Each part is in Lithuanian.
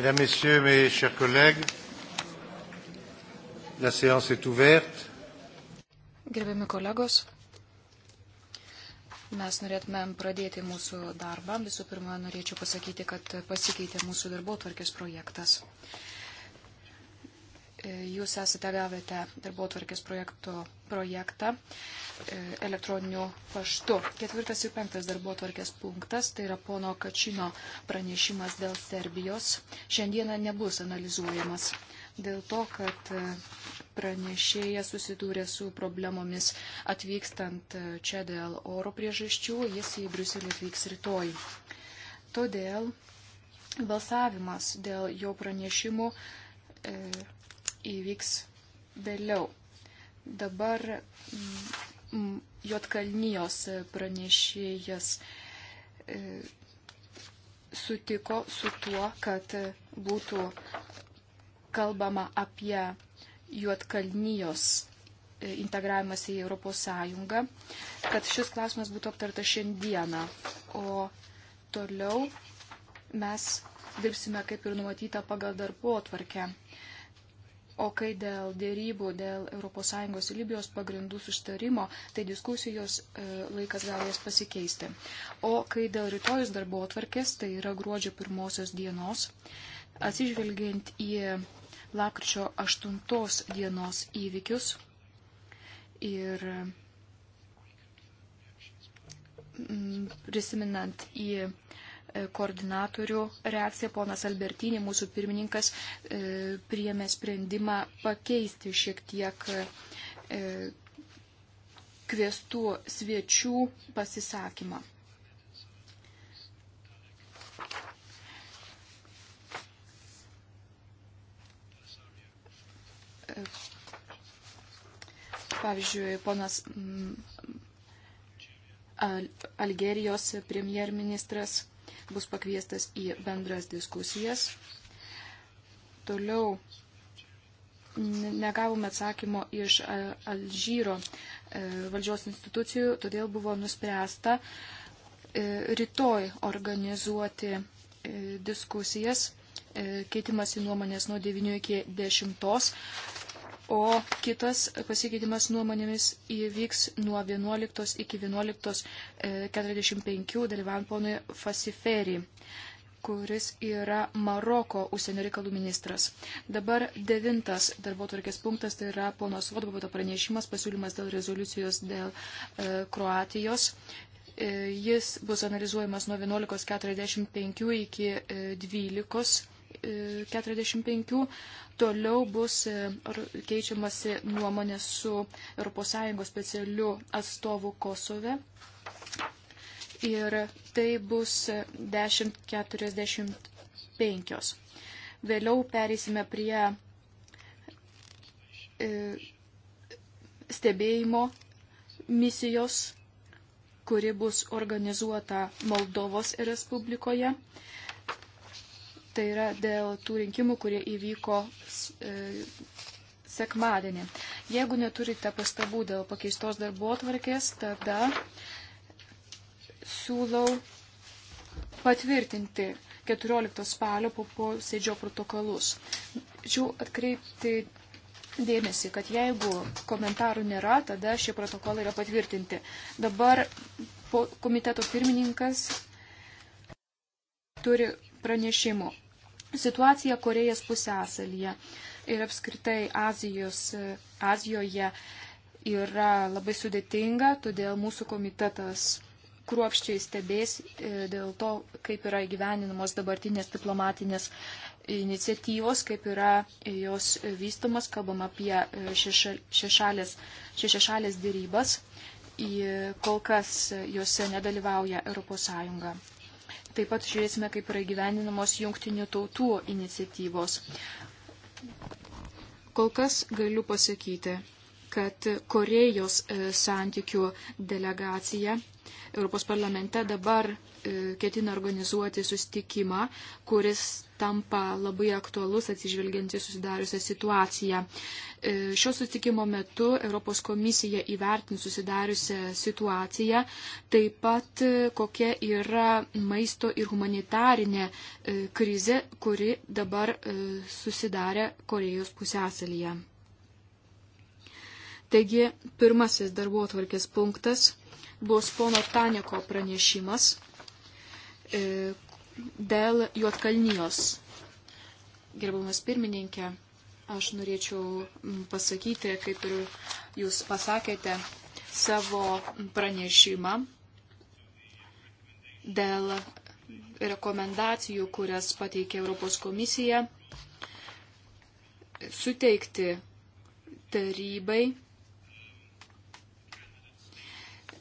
Mesdames, Messieurs, mes chers collègues, la séance est ouverte. Gerbiami kolegos, mes norėtumėm pradėti mūsų darbą. Visų pirma, norėčiau pasakyti, kad pasikeitė mūsų darbo tvarkės projektas. E, jūs esate gavę darbotvarkės projektą e, elektroniniu paštu. Ketvirtas ir penktas darbotvarkės punktas, tai yra pono Kačino pranešimas dėl Serbijos, šiandieną nebus analizuojamas dėl to, kad e, pranešėjas susidūrė su problemomis atvykstant čia dėl oro priežasčių, jis į Briuselį atvyks rytoj. Todėl balsavimas dėl jo pranešimų. E, įvyks vėliau. Dabar mm, mm, Jotkalnyjos pranešėjas e, sutiko su tuo, kad būtų kalbama apie Juotkalnyjos e, integravimas į ES, kad šis klausimas būtų aptartas šiandieną. O toliau mes dirbsime kaip ir numatyta pagal darbo atvarkę. O kai dėl dėrybų dėl ES ir Libijos pagrindų sustarimo, tai diskusijos e, laikas gal jas pasikeisti. O kai dėl rytojus darbo atvarkės, tai yra gruodžio pirmosios dienos, atsižvelgiant į lakryčio 8 dienos įvykius ir prisiminant į E, koordinatorių reakcija. Ponas Albertinė, mūsų pirmininkas, e, priėmė sprendimą pakeisti šiek tiek e, kvieštų svečių pasisakymą. Pavyzdžiui, ponas Algerijos premjerministras bus pakviestas į bendras diskusijas. Toliau negavome atsakymo iš Alžyro e, valdžios institucijų, todėl buvo nuspręsta e, rytoj organizuoti e, diskusijas, keitimasi nuomonės nuo 9 iki 10 o kitas pasikeitimas nuomonėmis įvyks nuo 11 iki 11.45 e, dalyvaujant ponui Fasiferi kuris yra Maroko užsienio reikalų ministras. Dabar devintas darbo tvarkės punktas, tai yra ponos Vodboboto pranešimas, pasiūlymas dėl rezoliucijos dėl e, Kroatijos e, jis bus analizuojamas nuo 11.45 iki 12. E, 45. E, Toliau bus e, keičiamasi nuomonė su ES specialiu atstovu Kosove. Ir tai bus 10.45. E, Vėliau pereisime prie stebėjimo misijos, kuri bus organizuota Moldovos Respublikoje. Tai yra dėl tų rinkimų, kurie įvyko e, sekmadienį. Jeigu neturite pastabų dėl pakeistos darbo atvarkės, tada siūlau patvirtinti 14 spalio po posėdžio protokolus. Tačiau atkreipti dėmesį, kad jeigu komentarų nėra, tada šie protokolai yra patvirtinti. Dabar komiteto pirmininkas turi pranešimų situacija Korejos pusėsalyje ir apskritai Azijos, Azijoje yra labai sudėtinga, todėl mūsų komitetas kruopščiai stebės e, dėl to, kaip yra įgyveninamos dabartinės diplomatinės iniciatyvos, kaip yra jos vystomas, kalbam apie e, šešalės, šešalės dėrybas, kol kas juose nedalyvauja ES. Taip pat žiūrėsime, kaip yra gyveninamos jungtinių tautų iniciatyvos. Kol kas galiu pasakyti, kad Korejos e, santykių delegacija Europos parlamente dabar e, ketina organizuoti sustikimą, kuris tampa labai aktualus atsižvelgiant į susidariusią situaciją. E, šio sustikimo metu Europos komisija įvertins susidariusią situaciją, taip pat e, kokia yra maisto ir humanitarinė krizė, kuri dabar susidarė Korejos pusėsalyje. Taigi, pirmasis darbo atvarkės punktas bus pono Taniko pranešimas e, dėl Juotkalnijos. Gerbamas pirmininkė, aš norėčiau pasakyti, kaip ir jūs pasakėte, savo pranešimą dėl rekomendacijų, kurias pateikė Europos komisija, suteikti tarybai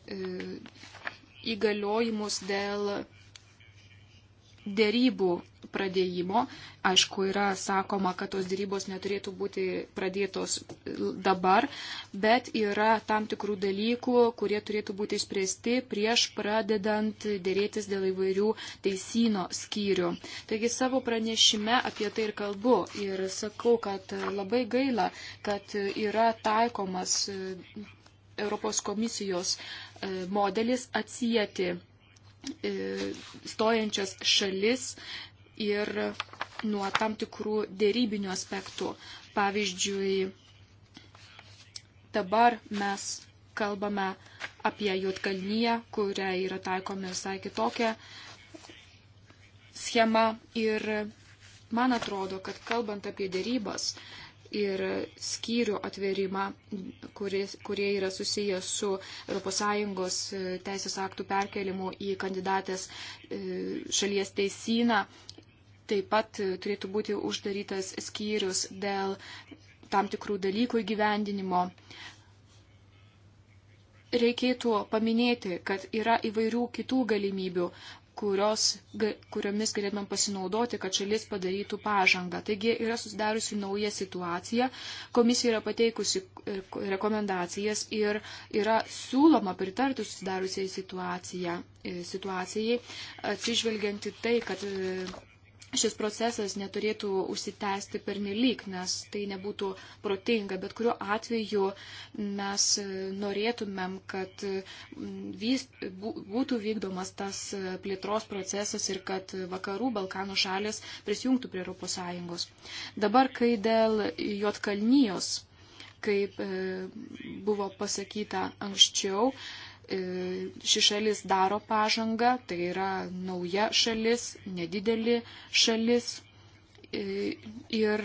E, įgaliojimus dėl dėrybų pradėjimo. Aišku, yra sakoma, kad tos dėrybos neturėtų būti pradėtos dabar, bet yra tam tikrų dalykų, kurie turėtų būti išspręsti prieš pradedant dėrėtis dėl įvairių teisino skyrių. Taigi savo pranešime apie tai ir kalbu ir sakau, kad labai gaila, kad yra taikomas Europos komisijos e, modelis atsijėti e, stojančias šalis ir nuo tam tikrų dėrybinių aspektų. Pavyzdžiui, dabar mes kalbame apie Jotkalnyje, kuria yra taikoma visai kitokia schema ir man atrodo, kad kalbant apie dėrybas, ir skyrių atverimą, kuris, kurie yra susijęs su ES e, teisės aktų perkelimu į kandidatės e, šalies teisyną. Taip pat e, turėtų būti uždarytas skyrius dėl tam tikrų dalykų įgyvendinimo. Reikėtų paminėti, kad yra įvairių kitų galimybių, kurios, kuriomis galėtumėm pasinaudoti, kad šalis padarytų pažangą. Taigi yra susidariusi nauja situacija, komisija yra pateikusi e, rekomendacijas ir yra siūloma pritarti susidariusiai e, situacijai, situacijai atsižvelgianti tai, kad e, šis procesas neturėtų užsitęsti per nelik, nes tai nebūtų protinga. Bet kuriuo atveju mes norėtumėm, kad mm, būtų vykdomas tas plėtros procesas ir kad vakarų Balkanų šalis prisijungtų prie ES. Dabar, kai dėl Jotkalnyjos, kaip e, buvo pasakyta anksčiau, E, ši šalis daro pažangą, tai yra nauja šalis, nedidelė šalis. E, ir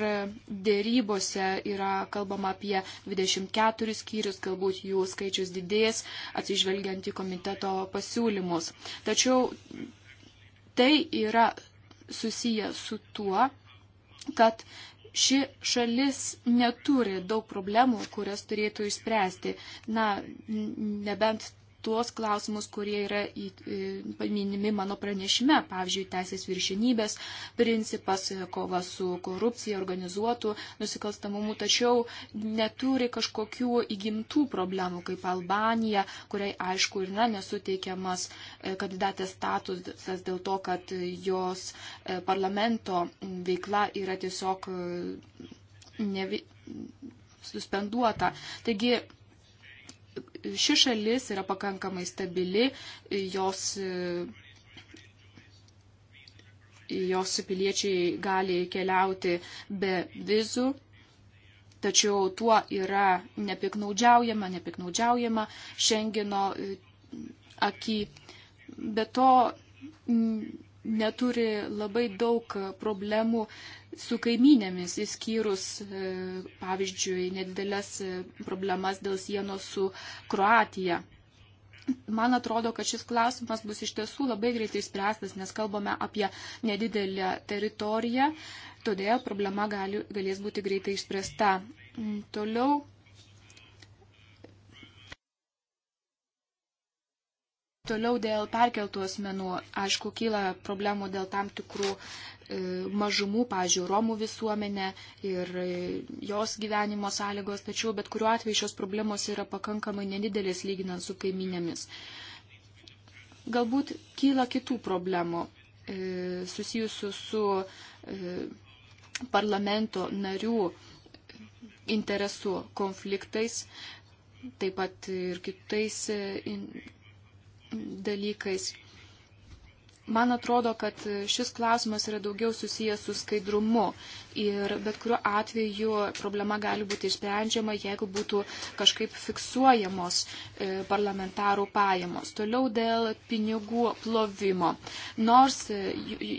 dėrybose yra kalbama apie 24 skyrius, galbūt jų skaičius didės, atsižvelgiant į komiteto pasiūlymus. Tačiau tai yra susiję su tuo, kad ši šalis neturi daug problemų, kurias turėtų išspręsti. Na, nebent tuos klausimus, kurie yra į, į, paminimi mano pranešime, pavyzdžiui, teisės viršinybės principas, kova su korupcija, organizuotų nusikalstamumu, tačiau neturi kažkokių įgimtų problemų, kaip Albanija, kuriai aišku ir na, nesuteikiamas e, kandidatės statusas dėl to, kad jos e, parlamento veikla yra tiesiog e, ne, suspenduota. Taigi ši šalis yra pakankamai stabili, jos, jos piliečiai gali keliauti be vizų, tačiau tuo yra nepiknaudžiaujama, nepiknaudžiaujama Šengino e, akį. Be to, neturi labai daug problemų su kaiminėmis, įskyrus, e, pavyzdžiui, nedidelės e, problemas dėl sienos su Kroatija. Man atrodo, kad šis klausimas bus iš tiesų labai greitai spręstas, nes kalbame apie nedidelę teritoriją, todėl problema gali, galės būti greitai išspręsta. Mm, toliau Toliau dėl perkeltų asmenų, aišku, kyla problemų dėl tam tikrų e, mažumų, pažiūrėjau, Romų visuomenė ir e, jos gyvenimo sąlygos, tačiau bet kuriuo atveju šios problemos yra pakankamai nedidelės lyginant su kaiminėmis. Galbūt kyla kitų problemų e, susijusių su parlamento narių interesų konfliktais, taip pat ir kitais dalykais. Man atrodo, kad šis klausimas yra daugiau susijęs su skaidrumu. Ir bet kuriuo atveju problema gali būti išsprendžiama, jeigu būtų kažkaip fiksuojamos e, parlamentarų pajamos. Toliau dėl pinigų plovimo. Nors e,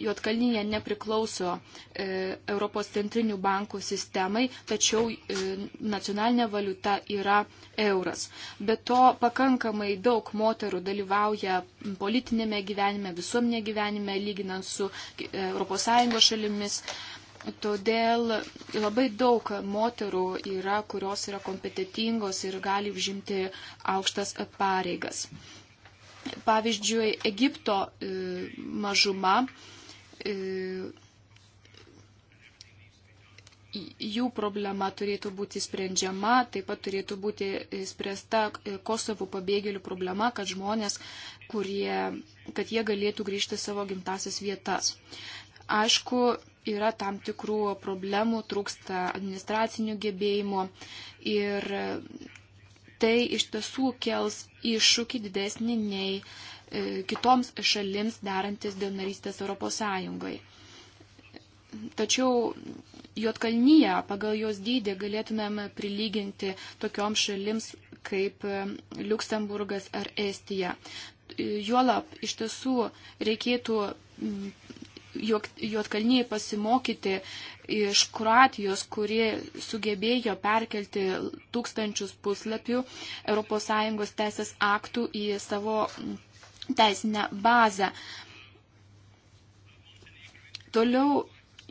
Jotkalnyje nepriklauso e, Europos centrinių bankų sistemai, tačiau nacionalinė valiuta yra euras. Be to pakankamai daug moterų dalyvauja politinėme gyvenime, visuomenė gyvenime, lyginant su ES šalimis. Todėl labai daug moterų yra, kurios yra kompetitingos ir gali užimti aukštas pareigas. Pavyzdžiui, Egipto e, mažuma e, jų problema turėtų būti sprendžiama, taip pat turėtų būti spręsta Kosovo pabėgėlių problema, kad žmonės, kurie, kad jie galėtų grįžti savo gimtasias vietas. Aišku, yra tam tikrų problemų, trūksta administracinių gebėjimų ir tai iš tiesų kels iššūkį didesnį nei e, kitoms šalims darantis dėl narystės Europos Sąjungoje. Tačiau Jotkalnyje pagal jos dydį galėtumėm prilyginti tokioms šalims kaip e, Luksemburgas ar Estija. E, Juolap iš tiesų reikėtų juotkalniai pasimokyti iš Kroatijos, kurie sugebėjo perkelti tūkstančius puslapių ES teisės aktų į savo teisinę bazę. Toliau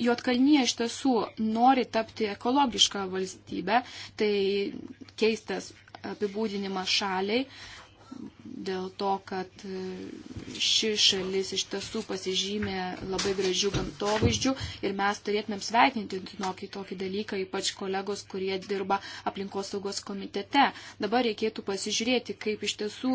Jotkalnyje iš tiesų nori tapti ekologišką valstybę, tai keistas apibūdinimas šaliai, dėl to, kad e, ši šalis iš tiesų pasižymė labai gražių gamtovaizdžių ir mes turėtumėm sveikinti tokį, tokį dalyką, ypač kolegos, kurie dirba aplinkosaugos komitete. Dabar reikėtų pasižiūrėti, kaip iš tiesų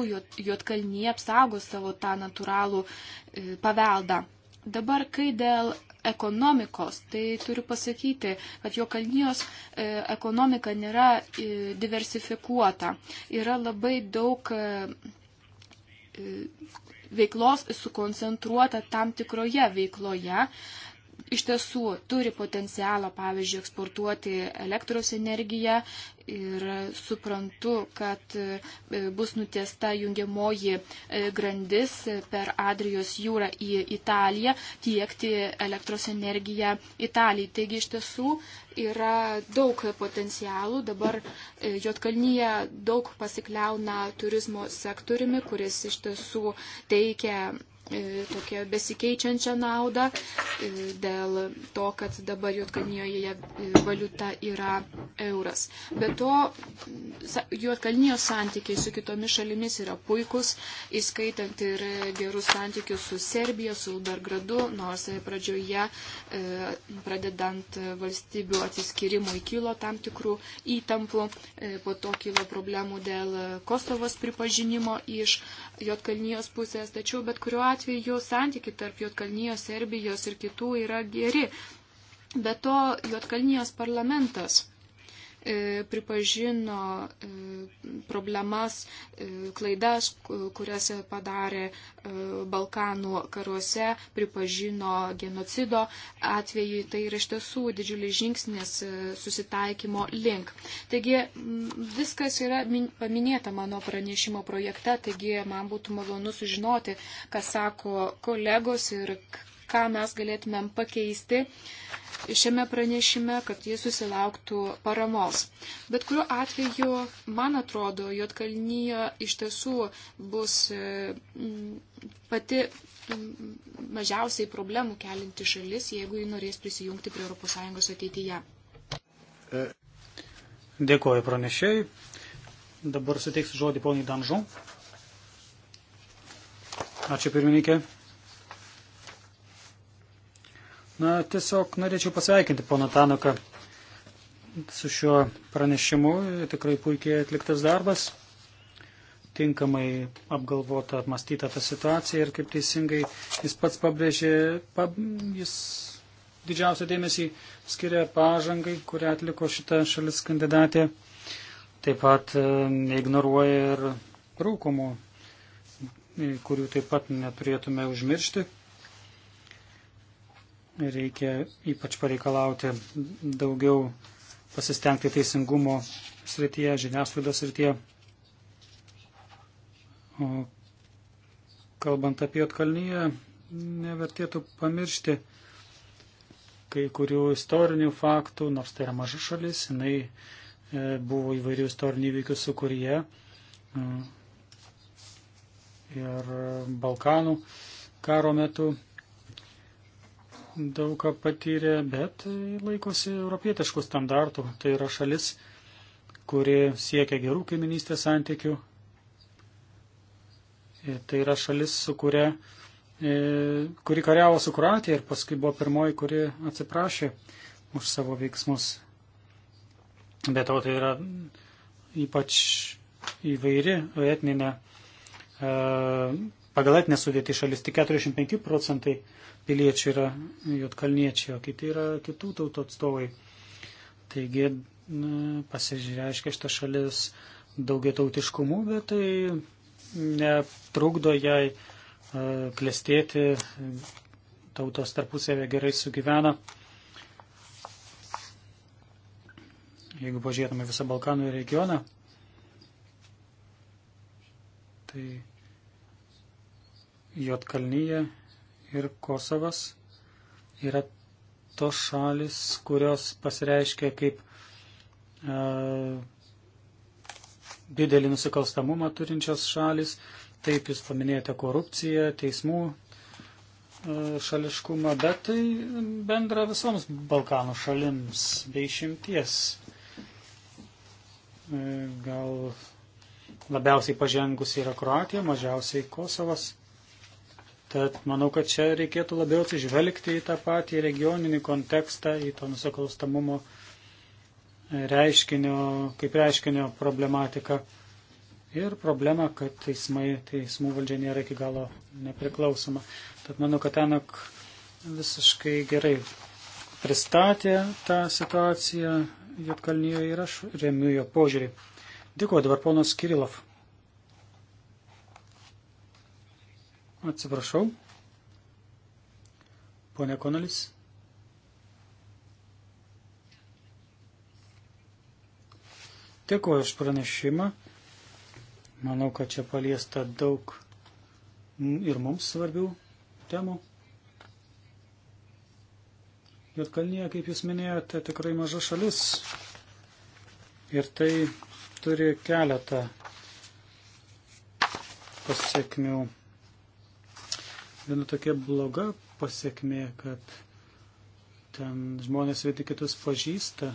juotkalnie apsaugo savo tą natūralų e, paveldą. Dabar, kai dėl ekonomikos, tai turiu pasakyti, kad jo kalnijos e, ekonomika nėra e, diversifikuota. Yra labai daug e, veiklos sukoncentruota tam tikroje veikloje, iš tiesų turi potencialą, pavyzdžiui, eksportuoti elektros energiją ir suprantu, kad e, bus nutiesta jungiamoji e, grandis per Adrijos jūrą į Italiją, tiekti elektros energiją Italijai. Taigi iš tiesų yra daug potencialų. Dabar e, Jotkalnyje daug pasikliauna turizmo sektoriumi, kuris iš tiesų teikia E, tokią besikeičiančią naudą e, dėl to, kad dabar Juotkalnijoje e, valiuta yra euras. Be to, Juotkalnijos santykiai su kitomis šalimis yra puikus, įskaitant ir gerus santykius su Serbija, su Belgradu, nors pradžioje, pradedant valstybių atsiskirimui, kilo tam tikrų įtampų, po to kilo problemų dėl Kosovos pripažinimo iš Jotkalnyjos pusės, tačiau bet kuriuo atveju santyki tarp Jotkalnyjos, Serbijos ir kitų yra geri. Be to, Jotkalnyjos parlamentas E, pripažino e, problemas, e, klaidas, kurias padarė Balkanų karuose, pripažino genocido atvejį. Tai yra iš tiesų didžiulis žingsnis susitaikymo link. Taigi viskas yra paminėta mano pranešimo projekte, taigi man būtų malonu sužinoti, ką sako kolegos ir ką mes galėtumėm pakeisti šiame pranešime, kad jis susilauktų paramos. Bet kuriuo atveju, man atrodo, Jotkalnyje iš tiesų bus e, pati mažiausiai problemų kelinti šalis, jeigu ji norės prisijungti prie ES ateityje. E. Dėkuoju pranešėjai. Dabar suteiksiu žodį poniai Danžu. Ačiū pirmininkė. Na, tiesiog norėčiau pasveikinti poną Tanoką su šiuo pranešimu. Tikrai puikiai atliktas darbas, tinkamai apgalvota, apmastyta ta situacija ir kaip teisingai jis pats pabrėžė, pab, jis didžiausią dėmesį skiria pažangai, kurią atliko šita šalis kandidatė. Taip pat neignoruoja ir trūkumų, kurių taip pat neturėtume užmiršti reikia ypač pareikalauti daugiau pasistengti teisingumo srityje, žiniasklaidos srityje. O kalbant apie Jotkalnyje, nevertėtų pamiršti kai kurių istorinių faktų, nors tai yra maža šalis, jinai e, buvo įvairių istorinių įvykių sukūrėje e, ir Balkanų karo metu daug ką patyrė, bet laikosi europietiškų standartų. Tai yra šalis, kuri siekia gerų kaiminystės santykių. Ir tai yra šalis, su kuria, e, kuri kariavo su Kroatija ir paskui buvo pirmoji, kuri atsiprašė už savo veiksmus. Bet to tai yra ypač įvairi etninė e, pagal etinę sudėtį šalis tik 45 procentai piliečių yra juotkalniečiai, o kiti yra kitų tautų atstovai. Taigi pasižiūrėškia šitą šalis daugia tautiškumų, bet tai netrukdo jai e, klestėti, tautos tarpusavė gerai sugyvena. Jeigu pažiūrėtume visą Balkanų regioną, tai Jotkalnyje ir Kosovas yra tos šalis, kurios pasireiškia kaip e, didelį nusikalstamumą turinčios šalis. Taip jūs paminėjote korupciją, teismų e, šališkumą, bet tai bendra visoms Balkanų šalims bei šimties. E, gal labiausiai pažengusi yra Kroatija, mažiausiai Kosovas. Tad manau, kad čia reikėtų labiau atsižvelgti į tą patį regioninį kontekstą, į to nusikalstamumo reiškinio, kaip reiškinio problematiką ir problemą, kad teismai, teismų valdžia nėra iki galo nepriklausoma. Tad manau, kad Tenok visiškai gerai pristatė tą situaciją Jotkalnyje ir aš remiu jo požiūrį. Dėkuoju dabar ponas Kirilov. Atsiprašau. Pone Konalis. Dėkuoju už pranešimą. Manau, kad čia paliesta daug ir mums svarbių temų. Jotkalnyje, kaip jūs minėjote, tikrai maža šalis. Ir tai turi keletą pasiekmių viena tokia bloga pasiekmė, kad ten žmonės vieni kitus pažįsta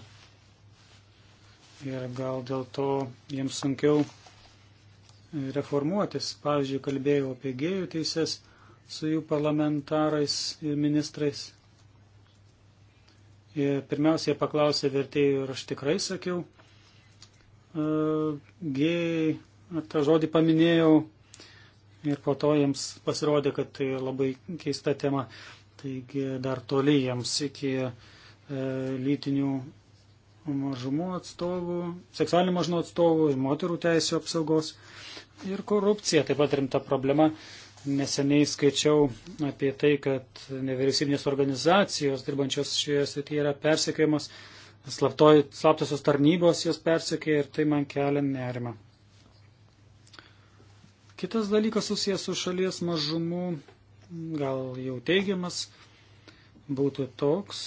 ir gal dėl to jiems sunkiau reformuotis. Pavyzdžiui, kalbėjau apie gėjų teises su jų parlamentarais ir ministrais. Ir pirmiausia, jie paklausė vertėjų ir aš tikrai sakiau, e, gėjai, tą žodį paminėjau ir po to jiems pasirodė, kad tai labai keista tema. Taigi dar toli jiems iki e, lytinių mažumų atstovų, seksualinių mažumų atstovų ir moterų teisų apsaugos. Ir korupcija taip pat rimta problema. Neseniai skaičiau apie tai, kad nevyriausybinės organizacijos dirbančios šioje srityje yra persekiojamas, slaptosios tarnybos jos persekioja ir tai man kelia nerimą. Kitas dalykas susijęs su šalies mažumu, gal jau teigiamas, būtų toks,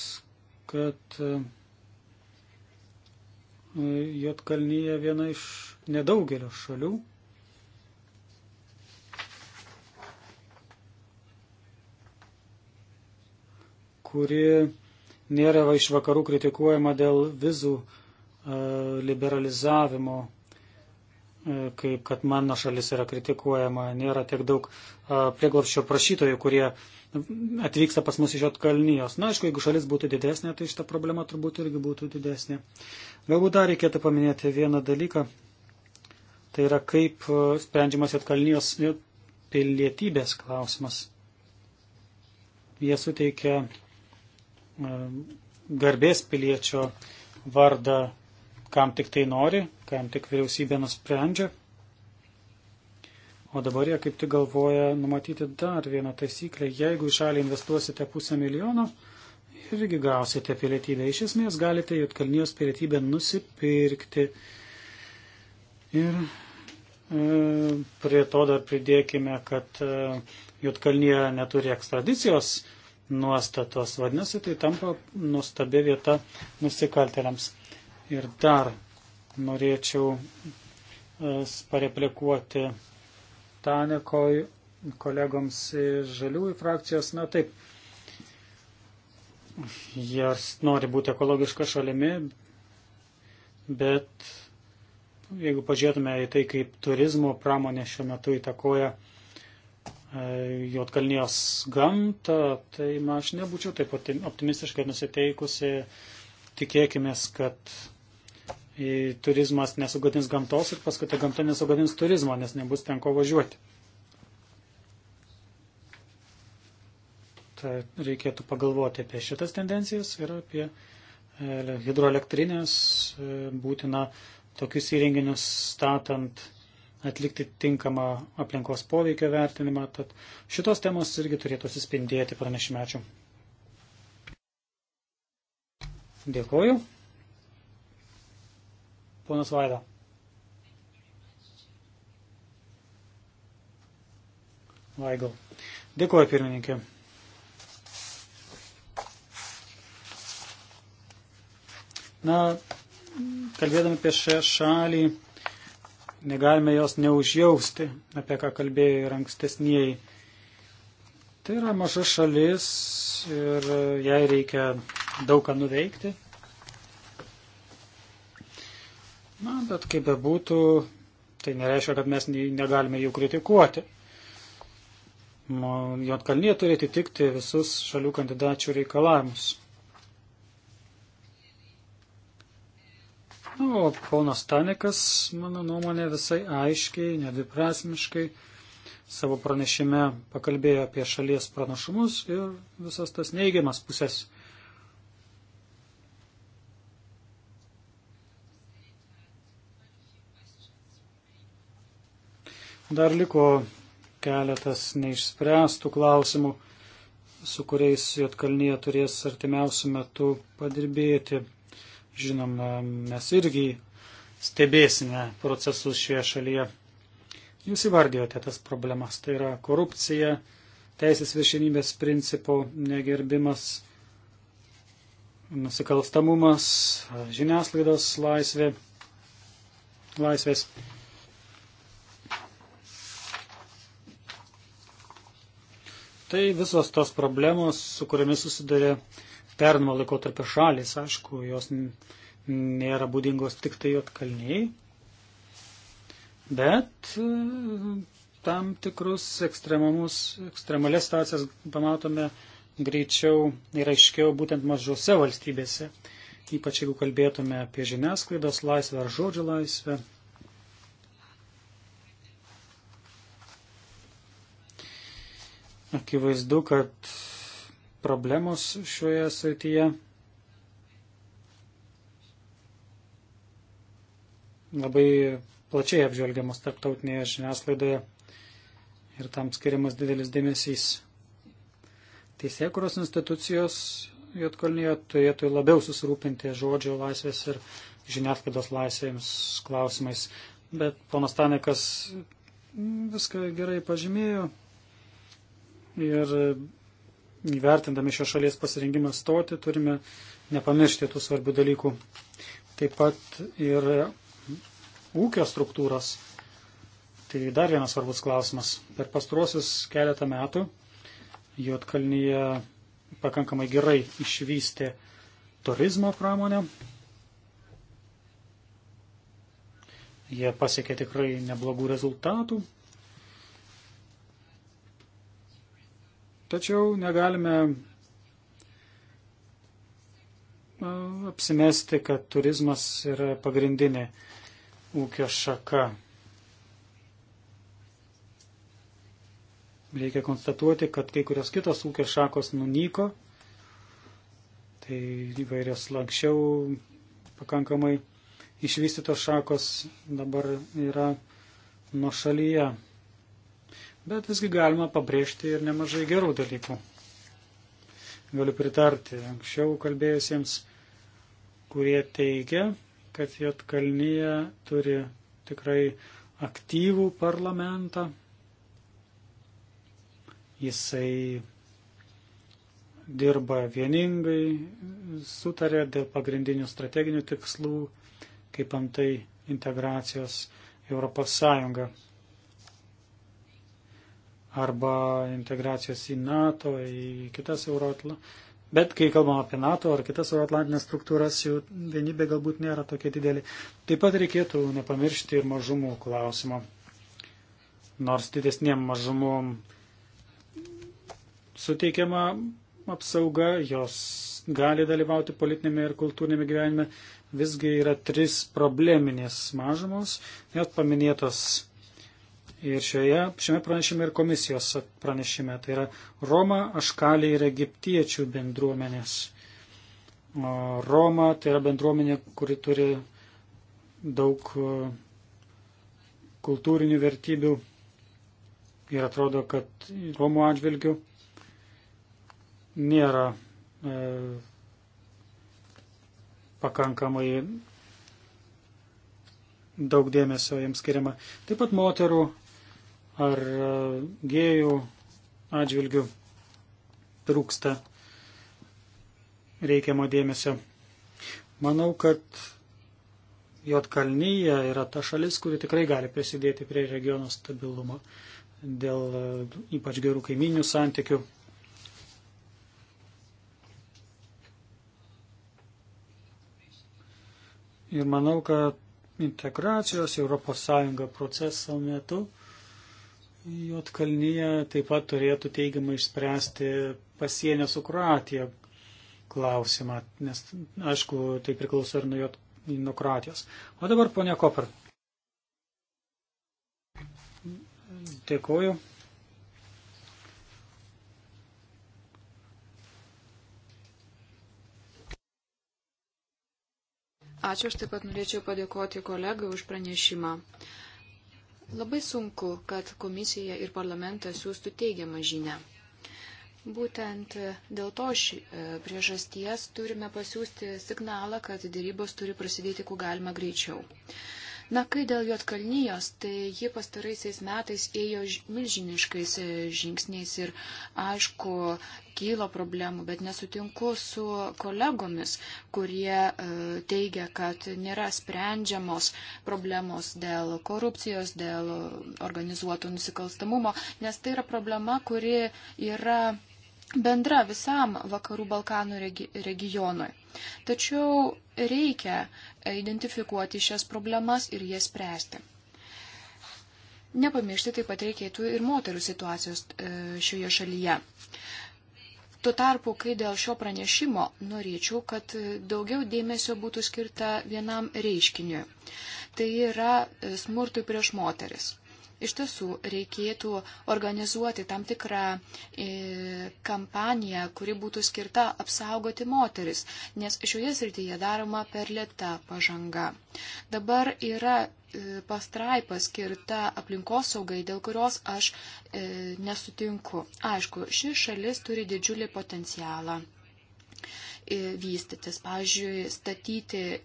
kad e, Jotkalnyje viena iš nedaugelio šalių. kuri nėra iš vakarų kritikuojama dėl vizų e, liberalizavimo kaip kad mano šalis yra kritikuojama, nėra tiek daug prieglopščio prašytojų, kurie atvyksta pas mus iš atkalnyjos. Na, aišku, jeigu šalis būtų didesnė, tai šita problema turbūt irgi būtų didesnė. Galbūt dar reikėtų paminėti vieną dalyką. Tai yra, kaip sprendžiamas atkalnyjos pilietybės klausimas. Jie suteikia garbės piliečio vardą kam tik tai nori, kam tik vyriausybė nusprendžia. O dabar jie kaip tik galvoja numatyti dar vieną taisyklę. Jeigu į šalį investuosite pusę milijono, irgi gausite pilietybę. Iš esmės galite Jotkalnijos pilietybę nusipirkti. Ir e, prie to dar pridėkime, kad e, Jotkalnyje neturi ekstradicijos nuostatos. Vadinasi, tai tampa nuostabi vieta nusikaltėliams. Ir dar norėčiau e, pareplikuoti Tanekoj kolegoms žaliųjų frakcijos. Na taip, jas nori būti ekologiška šalimi, bet jeigu pažiūrėtume į tai, kaip turizmo pramonė šiuo metu įtakoja e, Jotkalnijos gamtą, tai aš nebūčiau taip optimistiškai nusiteikusi. Tikėkime, kad turizmas nesugadins gamtos ir paskui ta gamta nesugadins turizmo, nes nebus ten ko važiuoti. Tai reikėtų pagalvoti apie šitas tendencijas ir apie e, hidroelektrinės e, būtina tokius įrenginius statant atlikti tinkamą aplinkos poveikio vertinimą. Tad šitos temos irgi turėtų suspindėti pranešime. Ačiū. Dėkoju. Ponas Vaida. Vaigal. Dėkuoju, pirmininkė. Na, kalbėdami apie šią šalį, negalime jos neužjausti, apie ką kalbėjo ir ankstesniai. Tai yra maža šalis ir jai reikia daug ką nuveikti. Na, bet kaip bebūtų, tai nereiškia, kad mes negalime jų kritikuoti. Jotkalnyje turi atitikti visus šalių kandidačių reikalavimus. Na, nu, o ponas Tanikas, mano nuomonė, visai aiškiai, nedviprasmiškai savo pranešime pakalbėjo apie šalies pranašumus ir visas tas neigiamas pusės. Dar liko keletas neišspręstų klausimų, su kuriais Jotkalnyje turės artimiausių metų padirbėti. Žinoma, mes irgi stebėsime procesus šioje šalyje. Jūs įvardėjote tas problemas. Tai yra korupcija, teisės viršinybės principų negerbimas, nusikalstamumas, žiniasklaidos laisvė, laisvės. laisvės Tai visos tos problemos, su kuriamis susidarė pernamo laikotarpio šalis, aišku, jos nėra būdingos tik tai atkalniai, bet e, tam tikrus ekstremamus, ekstremalias situacijas pamatome greičiau ir aiškiau būtent mažose valstybėse, ypač jeigu kalbėtume apie žiniasklaidos laisvę ar žodžio laisvę Akivaizdu, kad problemos šioje srityje labai plačiai apžvelgiamos tarptautinėje žiniasklaidoje ir tam skiriamas didelis dėmesys. Teisėkuros institucijos Jotkalnyje turėtų labiau susirūpinti žodžio laisvės ir žiniasklaidos laisvėms klausimais. Bet ponas Tanekas viską gerai pažymėjo ir e, įvertindami šios šalies pasirengimą stoti turime nepamiršti tų svarbių dalykų. Taip pat ir e, ūkio struktūros. Tai dar vienas svarbus klausimas. Per pastruosius keletą metų Jotkalnyje pakankamai gerai išvystė turizmo pramonę. Jie pasiekė tikrai neblogų rezultatų. Tačiau negalime apsimesti, kad turizmas yra pagrindinė ūkio šaka. Reikia konstatuoti, kad kai kurios kitos ūkio šakos nunyko, tai įvairios lankščiau pakankamai išvystytos šakos dabar yra nuo šalyje bet visgi galima pabrėžti ir nemažai gerų dalykų. Galiu pritarti anksčiau kalbėjusiems, kurie teigia, kad Jotkalnyje turi tikrai aktyvų parlamentą. Jisai dirba vieningai, sutarė dėl pagrindinių strateginių tikslų, kaip antai integracijos Europos Sąjunga arba integracijos į NATO, į kitas Euroatlą. Bet kai kalbam apie NATO ar kitas euroatlantinės struktūras, jų vienybė galbūt nėra tokia didelė. Taip pat reikėtų nepamiršti ir mažumų klausimo. Nors didesniem mažumom suteikiama apsauga, jos gali dalyvauti politinėme ir kultūrinėme gyvenime, visgi yra tris probleminės mažumos, net paminėtos ir šioje, šiame pranešime ir komisijos pranešime. Tai yra Roma, Aškalė ir egiptiečių bendruomenės. Roma tai yra bendruomenė, kuri turi daug e, kultūrinių vertybių ir atrodo, kad Romų atžvilgių nėra e, pakankamai daug dėmesio jiems skiriama. Taip pat moterų ar e, gėjų atžvilgių trūksta reikiamo dėmesio. Manau, kad Jotkalnyje yra ta šalis, kuri tikrai gali prisidėti prie regiono stabilumo dėl e, ypač gerų kaiminių santykių. Ir manau, kad integracijos Europos Sąjunga proceso metu Jotkalnyje taip pat turėtų teigiamai išspręsti pasienio su Kroatija klausimą, nes, aišku, tai priklauso ir nuo, jot, nuo Kroatijos. O dabar ponia Koper. Dėkuoju. Ačiū, aš taip pat norėčiau padėkoti kolegai už pranešimą. Labai sunku, kad komisija ir parlamentas siūstų teigiamą žinę. Būtent dėl to ši, e, priežasties turime pasiūsti signalą, kad dėrybos turi prasidėti kuo galima greičiau. Na, kai dėl Jotkalnyjos, tai ji pastaraisiais metais ėjo milžiniškais e, žingsniais ir, aišku, kylo problemų, bet nesutinku su kolegomis, kurie e, teigia, kad nėra sprendžiamos problemos dėl korupcijos, dėl organizuoto nusikalstamumo, nes tai yra problema, kuri yra bendra visam vakarų Balkanų regi regionui. Tačiau reikia identifikuoti šias problemas ir jas spręsti. Nepamiršti taip pat reikėtų ir moterų situacijos e, šioje šalyje. Tuo tarpu, kai dėl šio pranešimo norėčiau, kad daugiau dėmesio būtų skirta vienam reiškiniui. Tai yra e, smurtui prieš moteris iš tiesų reikėtų organizuoti tam tikrą e, kampaniją, kuri būtų skirta apsaugoti moteris, nes šioje srityje daroma per lėta pažanga. Dabar yra e, pastraipa skirta aplinkosaugai, dėl kurios aš e, nesutinku. Aišku, ši šalis turi didžiulį potencialą e, vystytis, pavyzdžiui, statyti e,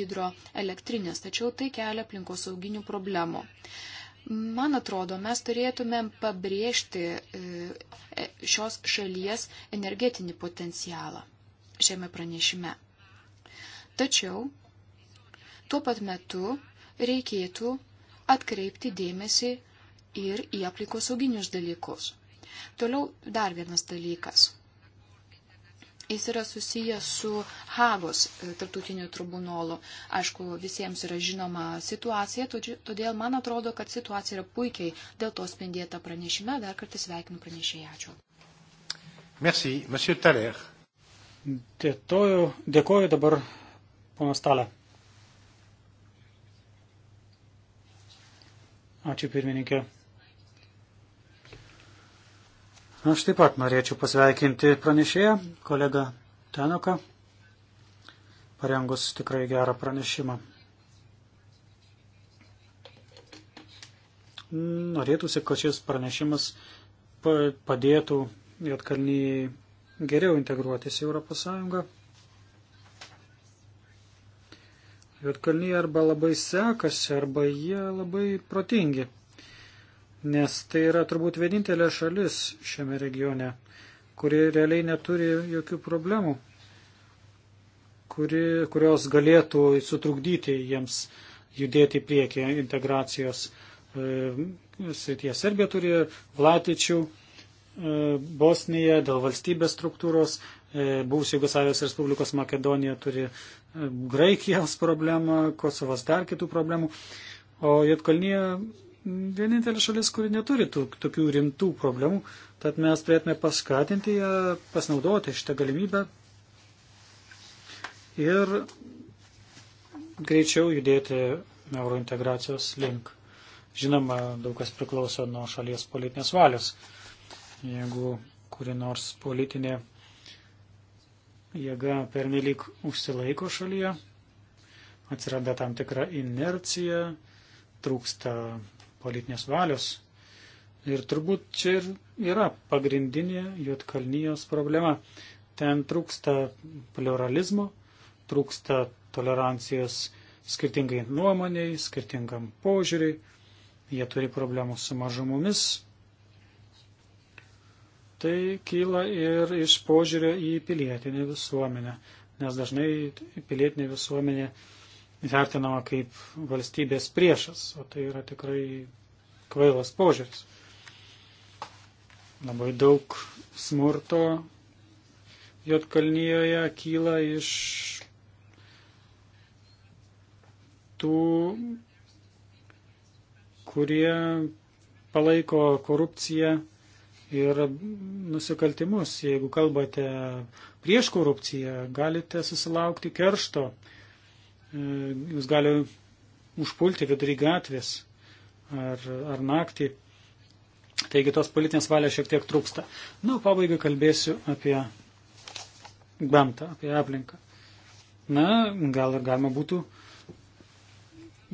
hidroelektrinės, tačiau tai kelia aplinkosauginių problemų. Man atrodo, mes turėtumėm pabrėžti e, e, šios šalies energetinį potencialą šiame pranešime. Tačiau tuo pat metu reikėtų atkreipti dėmesį ir į aplikosauginius dalykus. Toliau dar vienas dalykas Jis yra susijęs su Hagos e, tarptautiniu tribunolu. Aišku, visiems yra žinoma situacija, todėl man atrodo, kad situacija yra puikiai dėl to spindėta pranešime. Dar kartą sveikinu pranešėją. Ačiū. Merci, monsieur Taler. Dėtoju, dėkoju dabar ponas Taler. Ačiū pirmininkė. Aš taip pat norėčiau pasveikinti pranešėją, kolegą Tenoką, parengus tikrai gerą pranešimą. Norėtųsi, kad šis pranešimas padėtų Jotkalnyje geriau integruotis į Europos Sąjungą. Jotkalnyje arba labai sekasi, arba jie labai protingi nes tai yra turbūt vienintelė šalis šiame regione, kuri realiai neturi jokių problemų, kuri, kurios galėtų sutrukdyti jiems judėti į priekį integracijos e, srityje. Serbija turi Vlatičių, e, Bosnija dėl valstybės struktūros, e, buvusi Jugoslavijos Respublikos Makedonija turi Graikijos problemą, Kosovas dar kitų problemų, o Jotkalnyje vienintelė šalis, kuri neturi tų, tokių rimtų problemų, tad mes turėtume paskatinti ją pasinaudoti šitą galimybę ir greičiau judėti eurointegracijos link. Žinoma, daug kas priklauso nuo šalies politinės valios. Jeigu kuri nors politinė jėga pernelyg užsilaiko šalyje, atsiranda tam tikra inercija, trūksta politinės valios. Ir turbūt čia ir yra pagrindinė Jotkalnyjos problema. Ten trūksta pluralizmo, trūksta tolerancijos skirtingai nuomoniai, skirtingam požiūriui. Jie turi problemų su mažumomis. Tai kyla ir iš požiūrio į pilietinę visuomenę, nes dažnai pilietinė visuomenė uh, vertinama kaip valstybės priešas, o tai yra tikrai kvailas požiūris. Labai daug smurto Jotkalnyjoje kyla iš tų, kurie palaiko korupciją ir nusikaltimus. Jeigu kalbate prieš korupciją, galite susilaukti keršto E, jūs gali užpulti vidury gatvės ar, ar naktį. Taigi tos politinės valios šiek tiek trūksta. Na, pabaigai kalbėsiu apie gamtą, apie aplinką. Na, gal ir galima būtų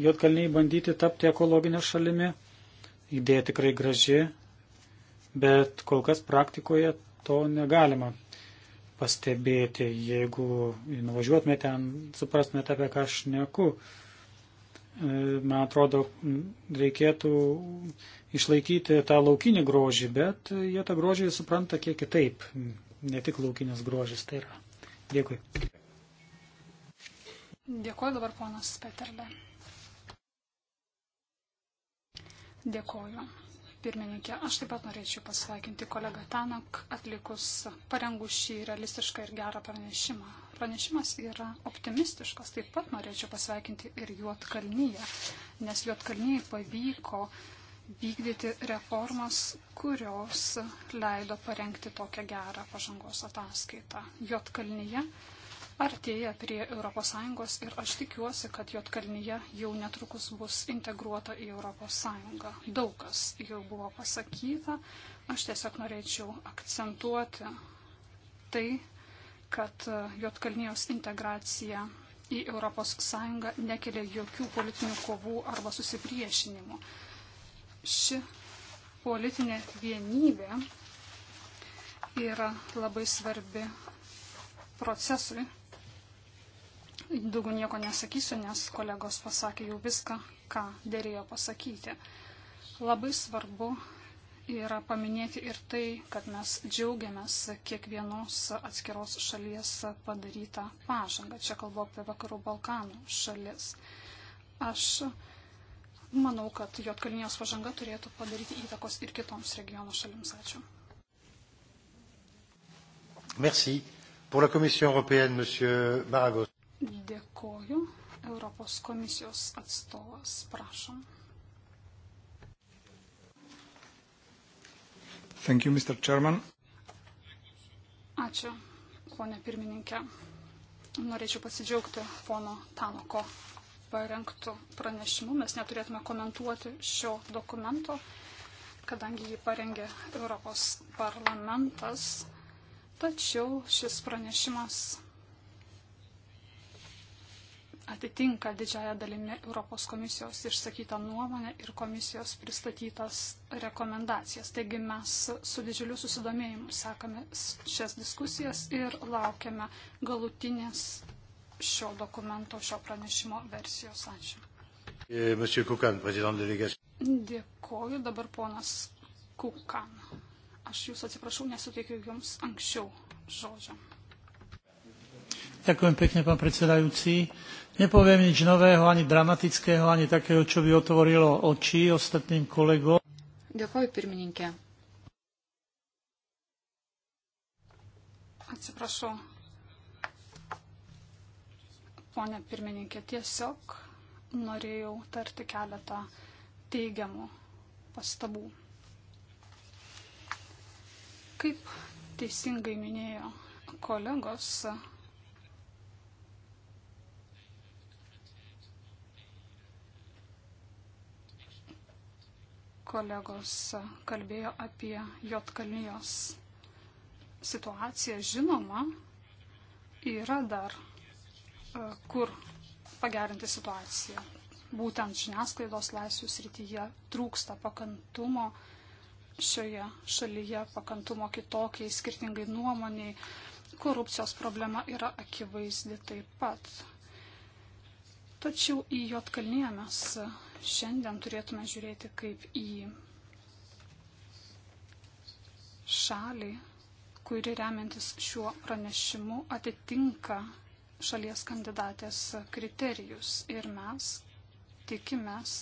Jotkalniai bandyti tapti ekologinę šalimi. Idėja tikrai graži, bet kol kas praktikoje to negalima pastebėti, jeigu nuvažiuotume ten, suprastumėte, apie ką aš neku. E, man atrodo, reikėtų išlaikyti tą laukinį grožį, bet jie tą grožį supranta kiek kitaip. Ne tik laukinis grožis tai yra. Dėkui. Dėkuoju dabar ponas Peterle. Dėkuoju pirmininkė. Aš taip pat norėčiau pasveikinti kolegą Tanak atlikus parengų šį realistišką ir gerą pranešimą. Pranešimas yra optimistiškas, taip pat norėčiau pasveikinti ir Juotkalnyje, nes Juotkalnyje pavyko vykdyti reformas, kurios leido parengti tokią gerą pažangos ataskaitą. Juotkalnyje kalnyje artėja prie ES ir aš tikiuosi, kad Jotkalnyje jau netrukus bus integruota į ES. Daug kas jau buvo pasakyta. Aš tiesiog norėčiau akcentuoti tai, kad Jotkalnyjos integracija į ES nekelia jokių politinių kovų arba susipriešinimų. Ši politinė vienybė yra labai svarbi procesui, Daugiau nieko nesakysiu, nes kolegos pasakė jau viską, ką dėrėjo pasakyti. Labai svarbu yra paminėti ir tai, kad mes džiaugiamės kiekvienos atskiros šalies padarytą pažangą. Čia kalbu apie Vakarų Balkanų šalis. Aš manau, kad Jotkalnijos pažanga turėtų padaryti įtakos ir kitoms regiono šalims. Ačiū. Merci. Pour la Commission européenne, Monsieur Maragos. Dėkoju. Europos komisijos atstovas, prašom. Thank you, Mr. Chairman. Ačiū, ponė pirmininkė. Norėčiau pasidžiaugti pono Tanoko parengtų pranešimų. Mes neturėtume komentuoti šio dokumento, kadangi jį parengė Europos parlamentas. Tačiau šis pranešimas atitinka didžiają dalimi Europos komisijos išsakytą nuomonę ir komisijos pristatytas rekomendacijas. Taigi mes su didžiuliu susidomėjimu sekame šias diskusijas ir laukiame galutinės šio dokumento, šio pranešimo versijos. Ačiū. E, Dėkoju dabar ponas Kukan. Aš jūs atsiprašau, nesuteikiu jums anksčiau žodžio. Ďakujem pekne, pán predsedajúci. Nepoviem nič nového, ani dramatického, ani takého, čo by otvorilo oči ostatným kolegom. Dėkoju, pirmininkė. Atsiprašau. Pone pirmininkė, tiesiog norėjau tarti keletą teigiamų pastabų. Kaip teisingai minėjo kolegos, Kolegos kalbėjo apie Jotkalnijos situaciją. Žinoma, yra dar e, kur pagerinti situaciją. Būtent žiniasklaidos laisvių srityje trūksta pakantumo šioje šalyje, pakantumo kitokiai, skirtingai nuomoniai. Korupcijos problema yra akivaizdi taip pat. Tačiau į Jotkalniją mes šiandien turėtume žiūrėti kaip į šalį, kuri remiantis šiuo pranešimu atitinka šalies kandidatės kriterijus. Ir mes tikimės,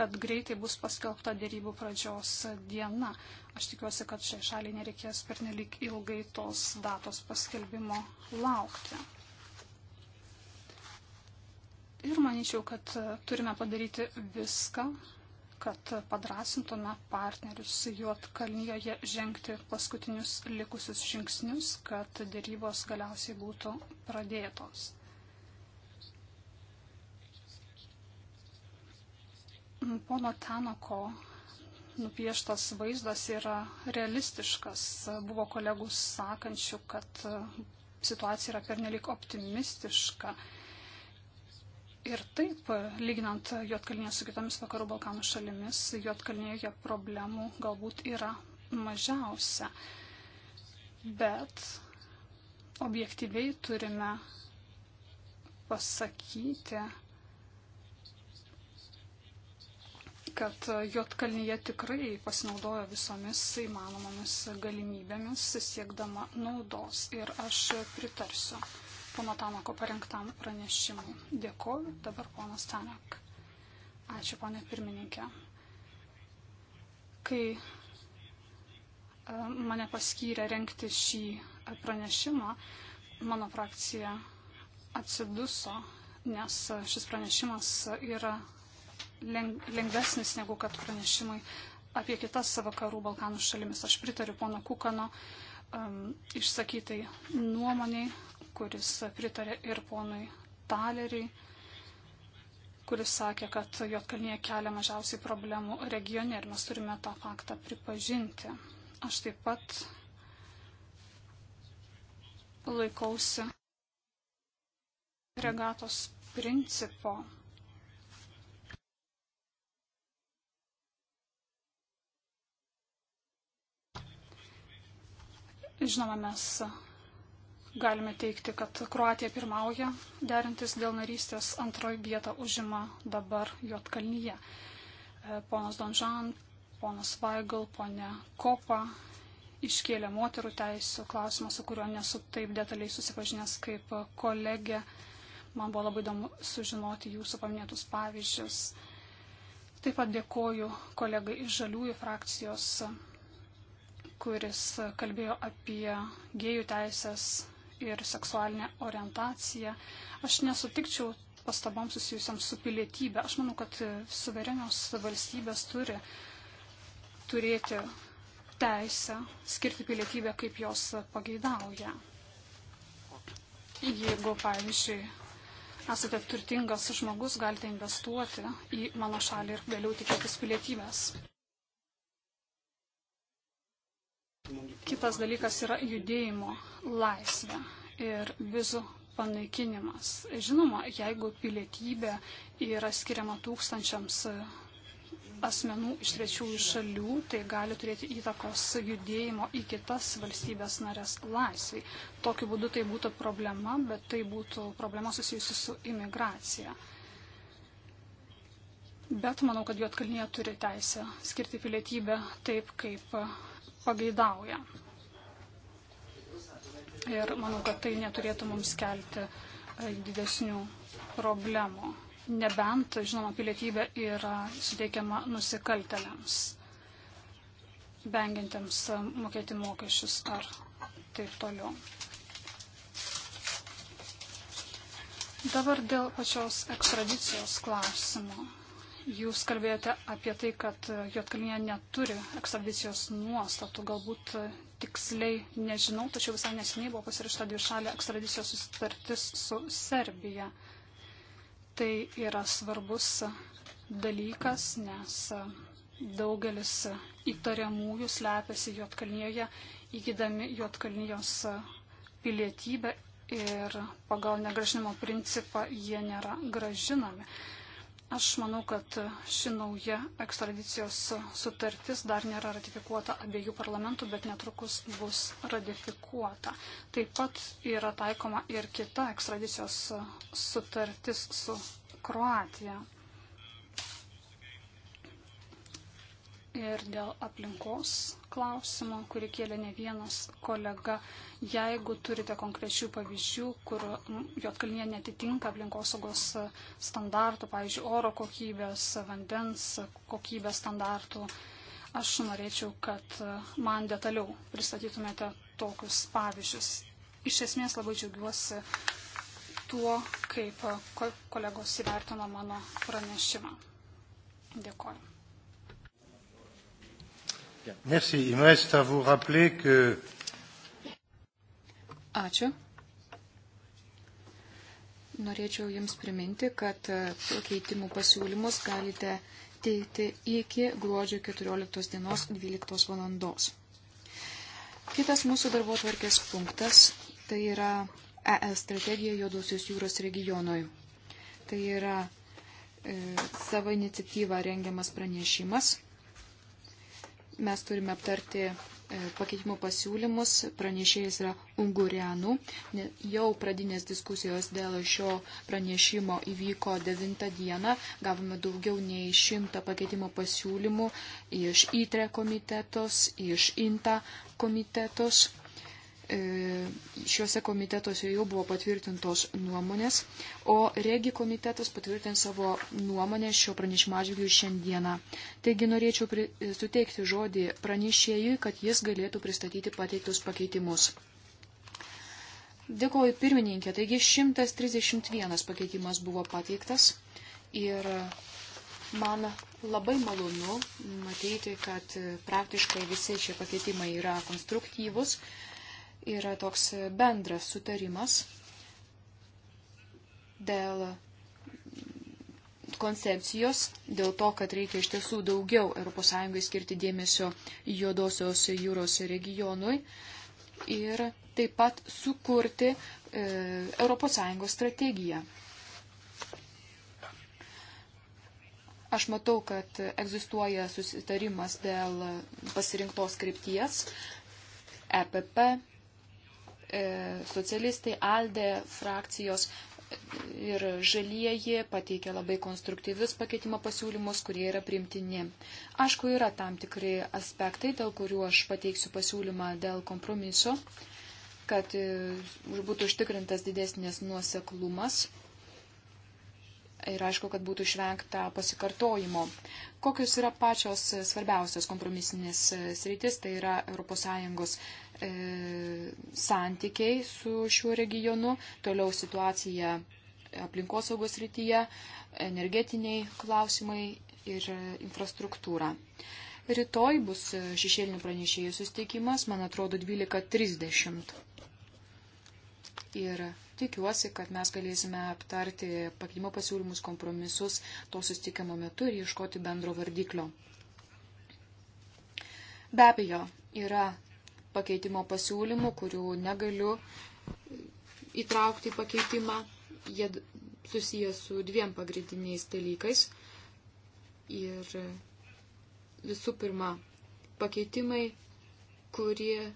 kad greitai bus paskelbta dėrybų pradžios diena. Aš tikiuosi, kad šiai šaliai nereikės pernelyg ilgai tos datos paskelbimo laukti. Ir manyčiau, kad turime padaryti viską, kad padrasintume partnerius Juotkalnyje žengti paskutinius likusius žingsnius, kad dėrybos galiausiai būtų pradėtos. Pono Tanako nupieštas vaizdas yra realistiškas. Buvo kolegų sakančių, kad situacija yra pernelik optimistiška. Ir taip, lyginant Jotkalnyje su kitomis vakarų Balkanų šalimis, Jotkalnyje problemų galbūt yra mažiausia. Bet objektyviai turime pasakyti, kad Jotkalnyje tikrai pasinaudojo visomis įmanomomis galimybėmis siekdama naudos ir aš pritarsiu pono Tanako parengtam pranešimui. Dėkoju, dabar ponas Tanak. Ačiū, ponė pirmininkė. Kai e, mane paskyrė renkti šį e, pranešimą, mano frakcija atsiduso, nes šis pranešimas yra lengvesnis negu kad pranešimai apie kitas vakarų Balkanų šalimis. Aš pritariu pono Kukano um, išsakytai nuomoniai, kuris pritarė ir ponui Taleriui, kuris sakė, kad Jotkalnie kelia mažiausiai problemų regione ir mes turime tą faktą pripažinti. Aš taip pat laikausi regatos principo. Žinoma, mes galime teikti, kad Kroatija pirmauja, derintis dėl narystės antroji vieta užima dabar Jotkalnyje. E, ponas Donžan, ponas Vaigal, ponė Kopa iškėlė moterų teisų klausimą, su kuriuo nesu taip detaliai susipažinęs kaip kolegė. Man buvo labai įdomu sužinoti jūsų paminėtus pavyzdžius. Taip pat dėkoju kolegai iš Žaliųjų frakcijos kuris kalbėjo apie gėjų teisės, ir seksualinė orientacija. Aš nesutikčiau pastabom susijusiam su pilietybė. Aš manau, kad suverenios valstybės turi turėti teisę skirti pilietybę, kaip jos pageidauja. Jeigu, pavyzdžiui, esate turtingas žmogus, galite investuoti į mano šalį ir vėliau tikėtis pilietybės. Kitas dalykas yra judėjimo laisvė ir vizų panaikinimas. Žinoma, jeigu pilietybė yra skiriama tūkstančiams asmenų iš trečiųjų šalių, tai gali turėti įtakos judėjimo į kitas valstybės narės laisvai. Tokiu būdu tai būtų problema, bet tai būtų problema susijusi su imigracija. Bet manau, kad Juotkalnyje turi teisę skirti pilietybę taip, kaip pageidauja. Ir manau, kad tai neturėtų mums kelti e, didesnių problemų. Nebent, žinoma, pilietybė yra suteikiama nusikaltelėms, vengiantiems e, mokėti mokesčius ar taip toliau. Dabar dėl pačios ekstradicijos klausimo. Jūs kalbėjote apie tai, kad Jotkalnyje neturi ekstradicijos nuostatų, galbūt e, tiksliai nežinau, tačiau visai neseniai buvo pasirašta dvišalė ekstradicijos sutartis su Serbija. Tai yra svarbus dalykas, nes daugelis įtariamųjų slepiasi Jotkalnyje, įgydami Jotkalnyjos pilietybę ir pagal negražinimo principą jie nėra gražinami. Aš manau, kad ši nauja ekstradicijos sutartis dar nėra ratifikuota abiejų parlamentų, bet netrukus bus ratifikuota. Taip pat yra taikoma ir kita ekstradicijos sutartis su Kroatija. ir dėl aplinkos klausimo, kurį kėlė ne vienas kolega. Jeigu turite konkrečių pavyzdžių, kur Jotkalnie netitinka aplinkosaugos standartų, pavyzdžiui, oro kokybės, vandens kokybės standartų, aš norėčiau, kad man detaliau pristatytumėte tokius pavyzdžius. Iš esmės labai džiaugiuosi tuo, kaip kolegos įvertino mano pranešimą. Dėkuoju. Merci. Il me reste à vous rappeler que. Ačiū. Norėčiau Jums priminti, kad e, pakeitimų pasiūlymus galite teikti iki gruodžio 14 dienos 12 valandos. Kitas mūsų darbo tvarkės punktas tai yra ES strategija Jodosios jūros regionoj. Tai yra e, savo iniciatyvą rengiamas pranešimas Mes turime aptarti e, pakeitimų pasiūlymus. Pranešėjas yra Ungurianų. Jau pradinės diskusijos dėl šio pranešimo įvyko 9 dieną. Gavome daugiau nei 100 pakeitimo pasiūlymų iš ITRE komitetos, iš INTA komitetos. E, šiuose komitetuose jau buvo patvirtintos nuomonės, o regi komitetas patvirtins savo nuomonę šio pranešimo atžvilgių šiandieną. Taigi norėčiau pri, e, suteikti žodį pranešėjui, kad jis galėtų pristatyti pateiktus pakeitimus. Dėkoju pirmininkė, taigi 131 pakeitimas buvo pateiktas ir man labai malonu matyti, kad praktiškai visi šie pakeitimai yra konstruktyvus yra toks bendras sutarimas dėl koncepcijos, dėl to, kad reikia iš tiesų daugiau ES skirti dėmesio juodosios jūros regionui ir taip pat sukurti e, ES strategiją. Aš matau, kad egzistuoja susitarimas dėl pasirinktos krypties EPP E, socialistai, ALDE frakcijos ir žalieji pateikia labai konstruktyvius pakeitimo pasiūlymus, kurie yra primtini. Aišku, yra tam tikri aspektai, dėl kurių aš pateiksiu pasiūlymą dėl kompromiso, kad e, būtų užtikrintas didesnės nuoseklumas ir aišku, kad būtų išvengta pasikartojimo. Kokios yra pačios svarbiausios kompromisinės e, sritis, tai yra ES E, santykiai su šiuo regionu, toliau situacija aplinkosaugos rytyje, energetiniai klausimai ir infrastruktūra. Rytoj bus šešėlinių pranešėjų susitikimas, man atrodo, 12.30. Ir tikiuosi, kad mes galėsime aptarti pakeitimo pasiūlymus kompromisus to susitikimo metu ir ieškoti bendro vardiklio. Be abejo, yra pakeitimo pasiūlymų, kurių negaliu įtraukti į pakeitimą. Jie susijęs su dviem pagrindiniais dalykais. Ir visų pirma, pakeitimai, kurie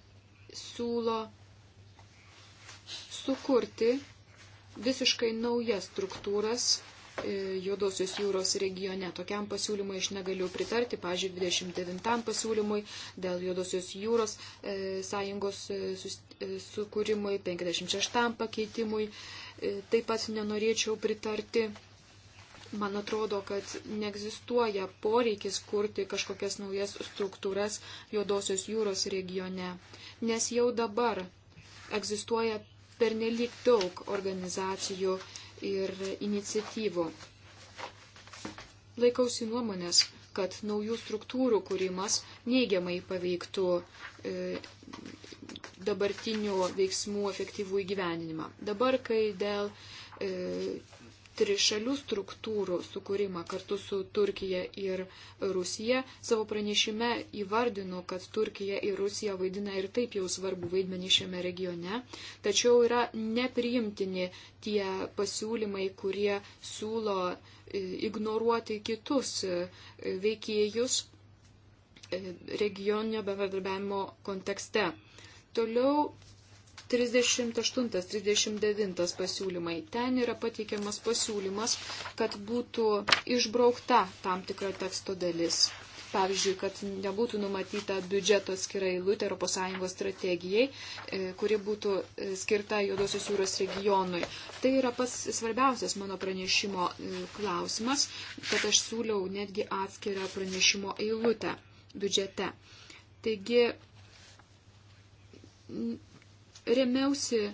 siūlo sukurti visiškai naujas struktūras E, Juodosios jūros regione. Tokiam pasiūlymui aš negaliu pritarti, pažiūrėjau, 29 pasiūlymui dėl Juodosios jūros e, sąjungos e, sukūrimui, 56 pakeitimui. Taip pat nenorėčiau pritarti. Man atrodo, kad neegzistuoja poreikis kurti kažkokias naujas struktūras Juodosios jūros regione, nes jau dabar egzistuoja pernelyg daug organizacijų ir iniciatyvų. Laikausi nuomonės, kad naujų struktūrų kūrimas neigiamai paveiktų e, dabartinių veiksmų efektyvų įgyveninimą. Dabar, kai dėl e, trišalių struktūrų sukūrimą kartu su Turkija ir Rusija. Savo pranešime įvardinu, kad Turkija ir Rusija vaidina ir taip jau svarbu vaidmenį šiame regione, tačiau yra nepriimtini tie pasiūlymai, kurie siūlo e, ignoruoti kitus e, veikėjus e, regioninio bendradarbiavimo kontekste. Toliau 38-39 pasiūlymai. Ten yra pateikiamas pasiūlymas, kad būtų išbraukta tam tikra teksto dalis. Pavyzdžiui, kad nebūtų numatyta biudžeto skirai eilutė ES strategijai, e, kuri būtų e, skirta Juodosios jūros regionui. Tai yra pats svarbiausias mano pranešimo e, klausimas, kad aš siūliau netgi atskirą pranešimo eilutę biudžete. Taigi, remiausi e,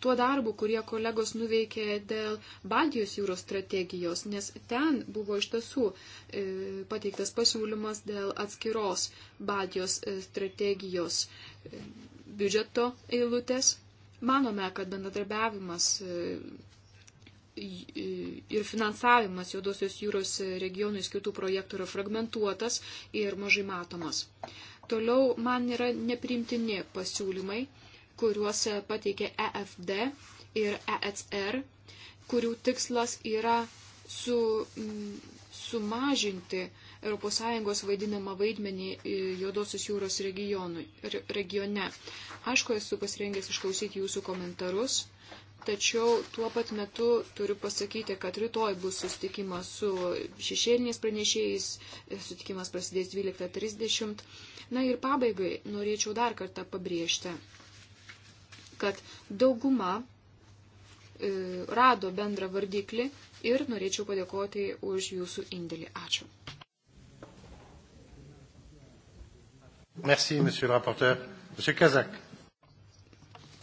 tuo darbu, kurie kolegos nuveikė dėl Baltijos jūros strategijos, nes ten buvo iš tiesų e, pateiktas pasiūlymas dėl atskiros Baltijos e, strategijos biudžeto eilutės. Manome, kad bendradarbiavimas ir finansavimas Juodosios jūros regionui skirtų projektų yra fragmentuotas ir mažai matomas. Toliau man yra neprimtini pasiūlymai kuriuos pateikė EFD ir ECR, kurių tikslas yra su, mm, sumažinti ES vaidinamą vaidmenį e, Juodosios jūros regionui, regione. Aišku, esu pasirengęs išklausyti jūsų komentarus, tačiau tuo pat metu turiu pasakyti, kad rytoj bus susitikimas su šešėliniais pranešėjais, e, susitikimas prasidės 12.30. Na ir pabaigai norėčiau dar kartą pabrėžti, kad dauguma e, rado bendrą vardiklį ir norėčiau padėkoti už jūsų indėlį. Ačiū. Merci, monsieur le rapporteur. Monsieur Kazak.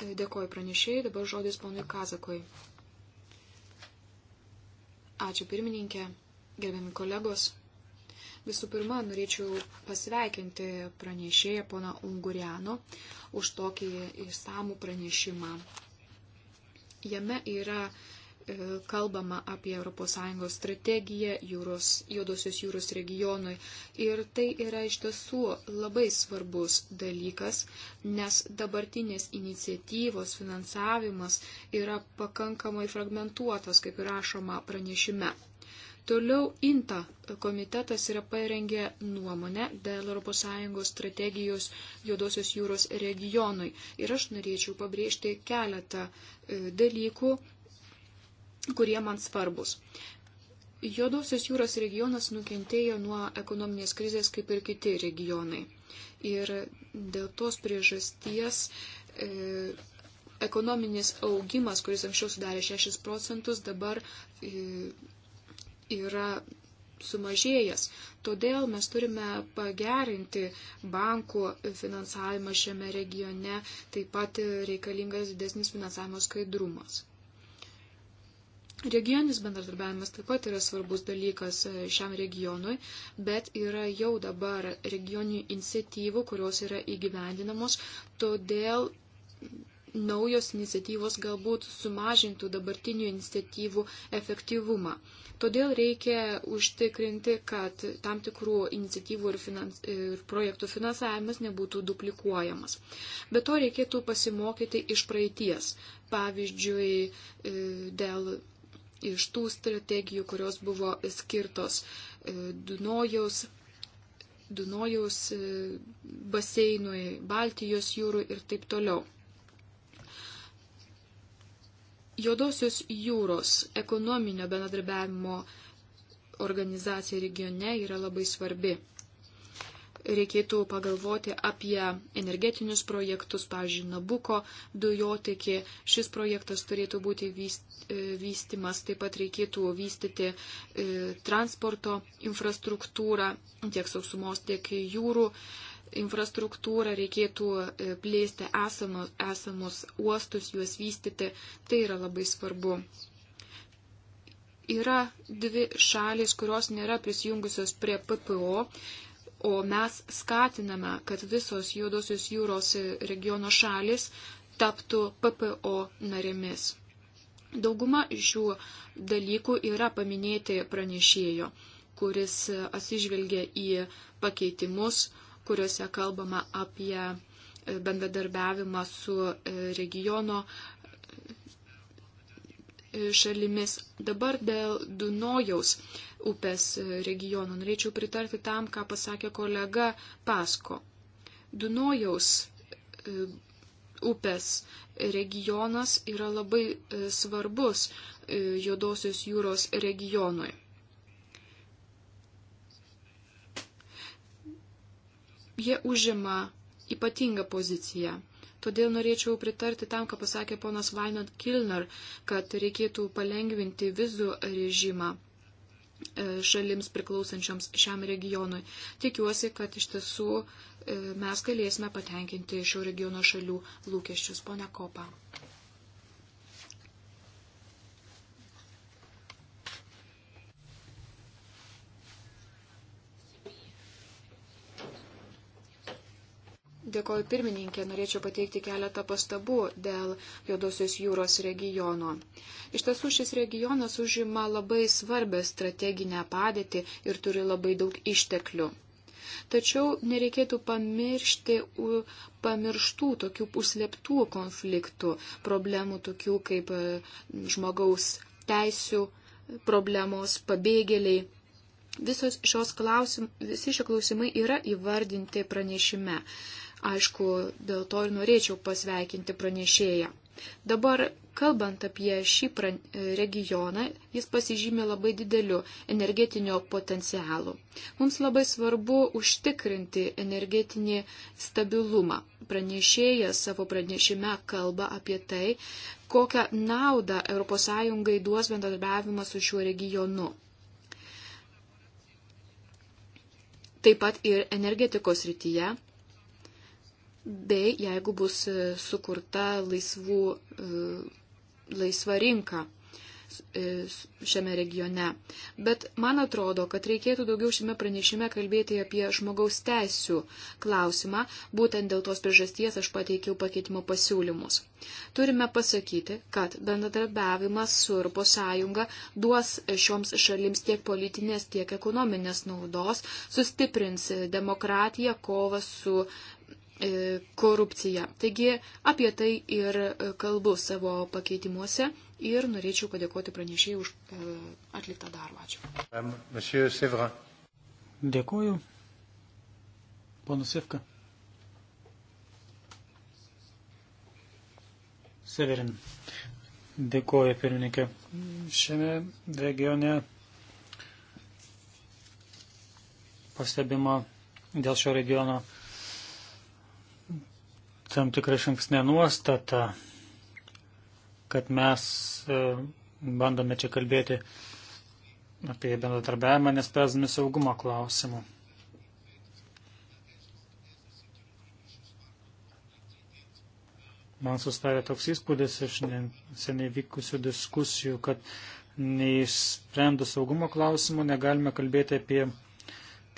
E, dėkoju pranešėjai, dabar žodis ponui Kazakui. Ačiū pirmininkė, gerbiami kolegos. Visų pirma, norėčiau pasveikinti pranešėją poną Unguriano už tokį išsamų pranešimą. Jame yra e, kalbama apie ES strategiją jūros, Jodosios jūros regionui. Ir tai yra iš tiesų labai svarbus dalykas, nes dabartinės iniciatyvos finansavimas yra pakankamai fragmentuotas, kaip ir rašoma pranešime. Toliau INTA komitetas yra parengę nuomonę dėl ES strategijos Juodosios jūros regionui. Ir aš norėčiau pabrėžti keletą e, dalykų, kurie man svarbus. Juodosios jūros regionas nukentėjo nuo ekonominės krizės kaip ir kiti regionai. Ir dėl tos priežasties e, ekonominis augimas, kuris anksčiau sudarė 6 procentus, dabar e, yra sumažėjęs. Todėl mes turime pagerinti bankų finansavimą šiame regione, taip pat reikalingas didesnis finansavimo skaidrumas. Regioninis bendradarbiavimas taip pat yra svarbus dalykas e, šiam regionui, bet yra jau dabar regioninių iniciatyvų, kurios yra įgyvendinamos, todėl naujos iniciatyvos galbūt sumažintų dabartinių iniciatyvų efektyvumą. Todėl reikia užtikrinti, kad tam tikrų iniciatyvų ir, finans, ir projektų finansavimas nebūtų duplikuojamas. Be to reikėtų pasimokyti iš praeities. Pavyzdžiui, e, dėl iš tų strategijų, kurios buvo skirtos e, Dunojaus Dunojaus e, baseinui, Baltijos jūrų ir taip toliau. Jodosios jūros ekonominio bendradarbiavimo organizacija regione yra labai svarbi. Reikėtų pagalvoti apie energetinius projektus, pavyzdžiui, Nabuko dujotekį. Šis projektas turėtų būti e, vystimas, taip pat reikėtų vystyti e, transporto infrastruktūrą tiek sausumos, tiek jūrų infrastruktūrą, reikėtų e, plėsti esamus, esamus uostus, juos vystyti. Tai yra labai svarbu. Yra dvi šalis, kurios nėra prisijungusios prie PPO, o mes skatiname, kad visos Juodosios jūros e, regiono šalis taptų PPO narėmis. Dauguma šių dalykų yra paminėti pranešėjo, kuris e, atsižvelgia į pakeitimus, kuriuose kalbama apie e, bendradarbiavimą su e, regiono e, šalimis. Dabar dėl Dunojaus upės regionų norėčiau pritarti tam, ką pasakė kolega Pasko. Dunojaus upės regionas yra labai svarbus Jodosios jūros regionui. jie užima ypatingą poziciją. Todėl norėčiau pritarti tam, ką pasakė ponas Vainot Kilner, kad reikėtų palengvinti vizų režimą e, šalims priklausančioms šiam regionui. Tikiuosi, kad iš tiesų e, mes galėsime patenkinti šio regiono šalių lūkesčius. Pone Kopa. Dėkoju pirmininkė, norėčiau pateikti keletą pastabų dėl Jodosios jūros regiono. Iš tiesų šis regionas užima labai svarbę strateginę padėtį ir turi labai daug išteklių. Tačiau nereikėtų pamiršti pamirštų tokių puslėptų konfliktų, problemų tokių kaip e, žmogaus teisių problemos, pabėgėliai. Visos šios klausim, visi šie klausimai yra įvardinti pranešime. Aišku, dėl to ir norėčiau pasveikinti pranešėją. Dabar, kalbant apie šį regioną, jis pasižymė labai dideliu energetinio potencialu. Mums labai svarbu užtikrinti energetinį stabilumą. Pranešėjas savo pranešime kalba apie tai, kokią naudą ES duos bendradarbiavimas su šiuo regionu. Taip pat ir energetikos rytyje bei jeigu bus e, sukurta laisvų, e, laisva rinka e, šiame regione. Bet man atrodo, kad reikėtų daugiau šiame pranešime kalbėti apie žmogaus teisų klausimą. Būtent dėl tos priežasties aš pateikiau pakeitimo pasiūlymus. Turime pasakyti, kad bendradarbiavimas su ES duos šioms šalims tiek politinės, tiek ekonominės naudos, sustiprins demokratiją, kovą su E, korupciją. Taigi apie tai ir e, kalbu savo pakeitimuose ir norėčiau padėkoti pranešėjai už e, atliktą darbą. Ačiū. Dėkuoju. Ponas Sivka. Severin. Dėkuoju, pirmininkė. Šiame regione pastebima dėl šio regiono tam tikrą šanksnę nuostatą, kad mes e, bandome čia kalbėti apie bendradarbiavimą, nespręsdami saugumo klausimų. Man sustarė toks įspūdis iš seniai vykusių diskusijų, kad neišsprendus saugumo klausimų negalime kalbėti apie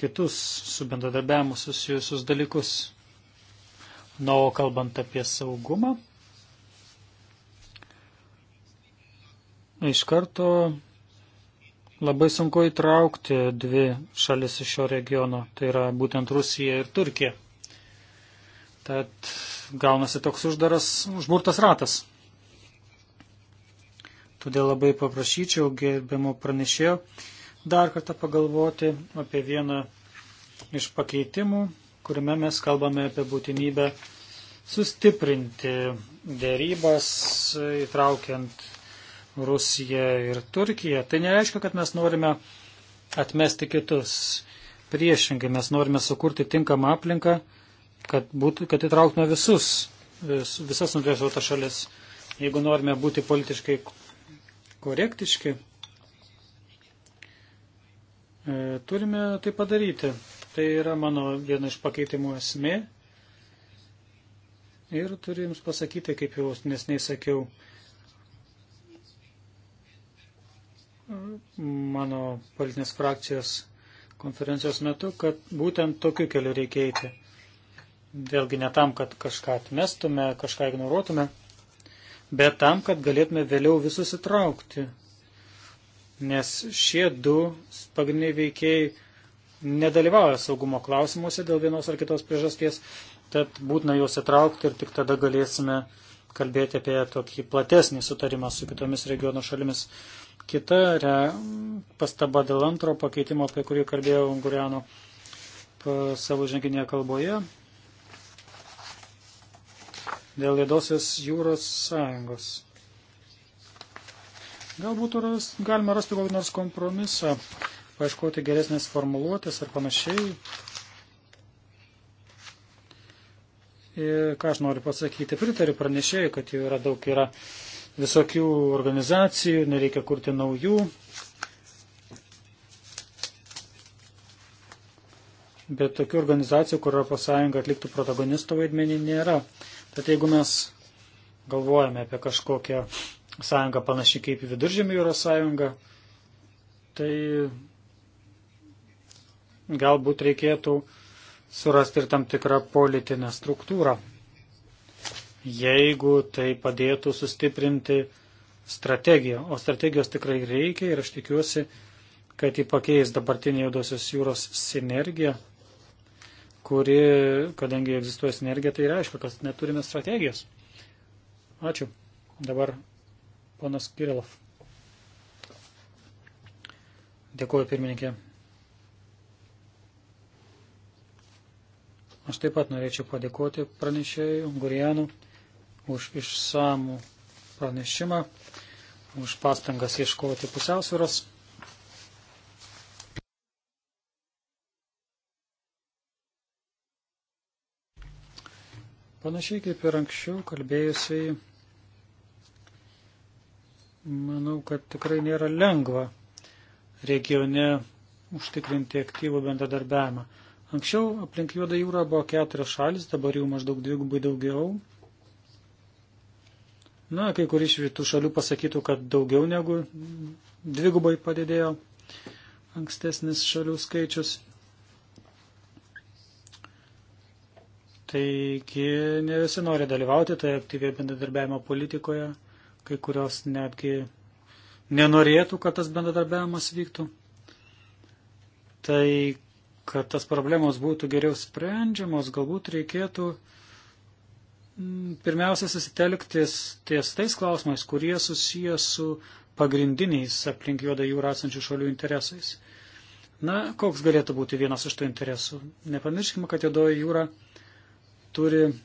kitus su bendradarbiavimu susijusius dalykus. Na, o kalbant apie saugumą, iš karto labai sunku įtraukti dvi šalis iš šio regiono, tai yra būtent Rusija ir Turkija. Tad gaunasi toks uždaras, užburtas ratas. Todėl labai paprašyčiau gerbimo pranešėjo dar kartą pagalvoti apie vieną iš pakeitimų, kuriame mes kalbame apie būtinybę sustiprinti dėrybas, įtraukiant Rusiją ir Turkiją. Tai nereiškia, kad mes norime atmesti kitus. Priešingai, mes norime sukurti tinkamą aplinką, kad, būtų, kad įtrauktume visus, vis, visas interesuotas šalis. Jeigu norime būti politiškai korektiški, e, turime tai padaryti. Tai yra mano viena iš pakeitimų esmė. Ir turiu Jums pasakyti, kaip jau nesnei sakiau, mano politinės frakcijos konferencijos metu, kad būtent tokiu keliu reikia eiti. Vėlgi ne tam, kad kažką atmestume, kažką ignoruotume, bet tam, kad galėtume vėliau visus įtraukti. Nes šie du pagrindiniai veikėjai nedalyvauja saugumo klausimuose dėl vienos ar kitos priežasties, tad būtina juos įtraukti ir tik tada galėsime kalbėti apie tokį platesnį sutarimą su kitomis regiono šalimis. Kita re, pastaba dėl antro pakeitimo, apie kurį kalbėjau Guriano savo žanginėje kalboje, dėl Lėdosios jūros sąjungos. Galbūt ras, galima rasti kokį nors kompromisą paieškoti geresnės formuluotės ir panašiai. Ir ką aš noriu pasakyti, pritariu pranešėjai, kad jų yra daug yra visokių organizacijų, nereikia kurti naujų. Bet tokių organizacijų, kur Europos Sąjunga atliktų protagonisto vaidmenį, nėra. Tad jeigu mes galvojame apie kažkokią sąjungą panašiai kaip Viduržėmio jūros sąjunga, tai Galbūt reikėtų surasti ir tam tikrą politinę struktūrą. Jeigu tai padėtų sustiprinti strategiją, o strategijos tikrai reikia ir aš tikiuosi, kad jį pakeis dabartinė Jodosios jūros sinergija, kuri, kadangi egzistuoja sinergija, tai reiškia, kad neturime strategijos. Ačiū. Dabar ponas Kirilov. Dėkuoju pirmininkė. Aš taip pat norėčiau padėkoti pranešėjų Gurijanų už išsamų pranešimą, už pastangas ieškoti pusiausvėros. Panašiai kaip ir anksčiau kalbėjusiai, manau, kad tikrai nėra lengva regione užtikrinti aktyvų bendradarbiavimą. Anksčiau aplink Juodą jūrą buvo keturios šalis, dabar jau maždaug dvigubai daugiau. Na, kai kur iš tų šalių pasakytų, kad daugiau negu dvigubai padidėjo ankstesnis šalių skaičius. Taigi ne visi nori dalyvauti toje tai aktyviai bendradarbiavimo politikoje, kai kurios netgi nenorėtų, kad tas bendradarbiavimas vyktų. Tai kad tas problemos būtų geriau sprendžiamos, galbūt reikėtų mm, pirmiausia susitelktis ties tais klausimais, kurie susijęs su pagrindiniais aplink juodą jūrą esančių šalių interesais. Na, koks galėtų būti vienas iš tų interesų? Nepamirškime, kad juodoji jūra turi e,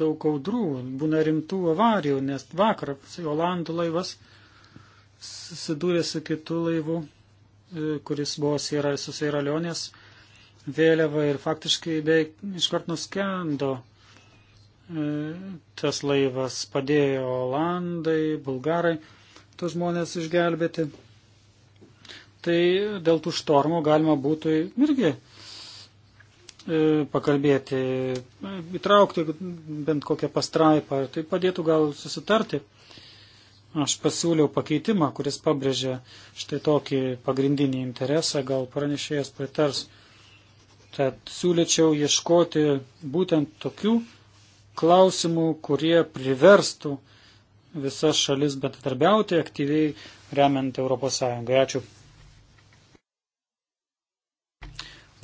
daug audrų, būna rimtų avarijų, nes vakar Olandų laivas susidūrė su kitu laivu E, kuris buvo su Seiralionės vėliava ir faktiškai beveik iškart nuskendo e, tas laivas, padėjo Olandai, Bulgarai, tos žmonės išgelbėti. Tai dėl tų štormų galima būtų irgi e, pakalbėti, įtraukti bent kokią pastraipą, tai padėtų gal susitarti Aš pasiūliau pakeitimą, kuris pabrėžė štai tokį pagrindinį interesą, gal pranešėjas pritars. Tad siūlyčiau ieškoti būtent tokių klausimų, kurie priverstų visas šalis bendradarbiauti aktyviai remiant ES. Ačiū.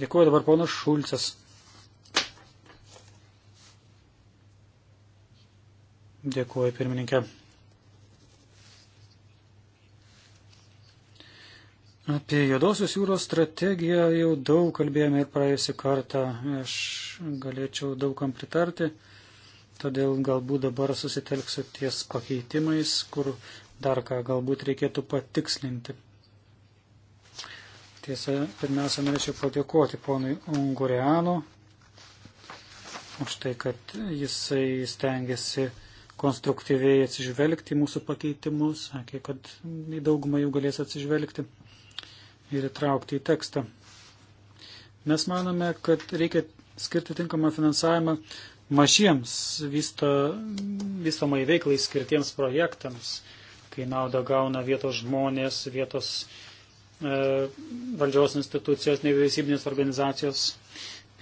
Dėkuoju dabar ponas Šulcas. Dėkuoju pirmininkė. Apie Jodosios jūros strategiją jau daug kalbėjome ir praėjusią kartą. Aš galėčiau daugam pritarti, todėl galbūt dabar susitelksiu ties pakeitimais, kur dar ką galbūt reikėtų patikslinti. Tiesa, pirmiausia, norėčiau padėkoti ponui Ungureanu už tai, kad jisai stengiasi konstruktyviai atsižvelgti į mūsų pakeitimus, sakė, kad į daugumą jų galės atsižvelgti ir įtraukti į tekstą. Mes manome, kad reikia skirti tinkamą finansavimą mažiems vystomai veiklai skirtiems projektams, kai naudą gauna vietos žmonės, vietos e, valdžios institucijos, nevyriausybinės organizacijos,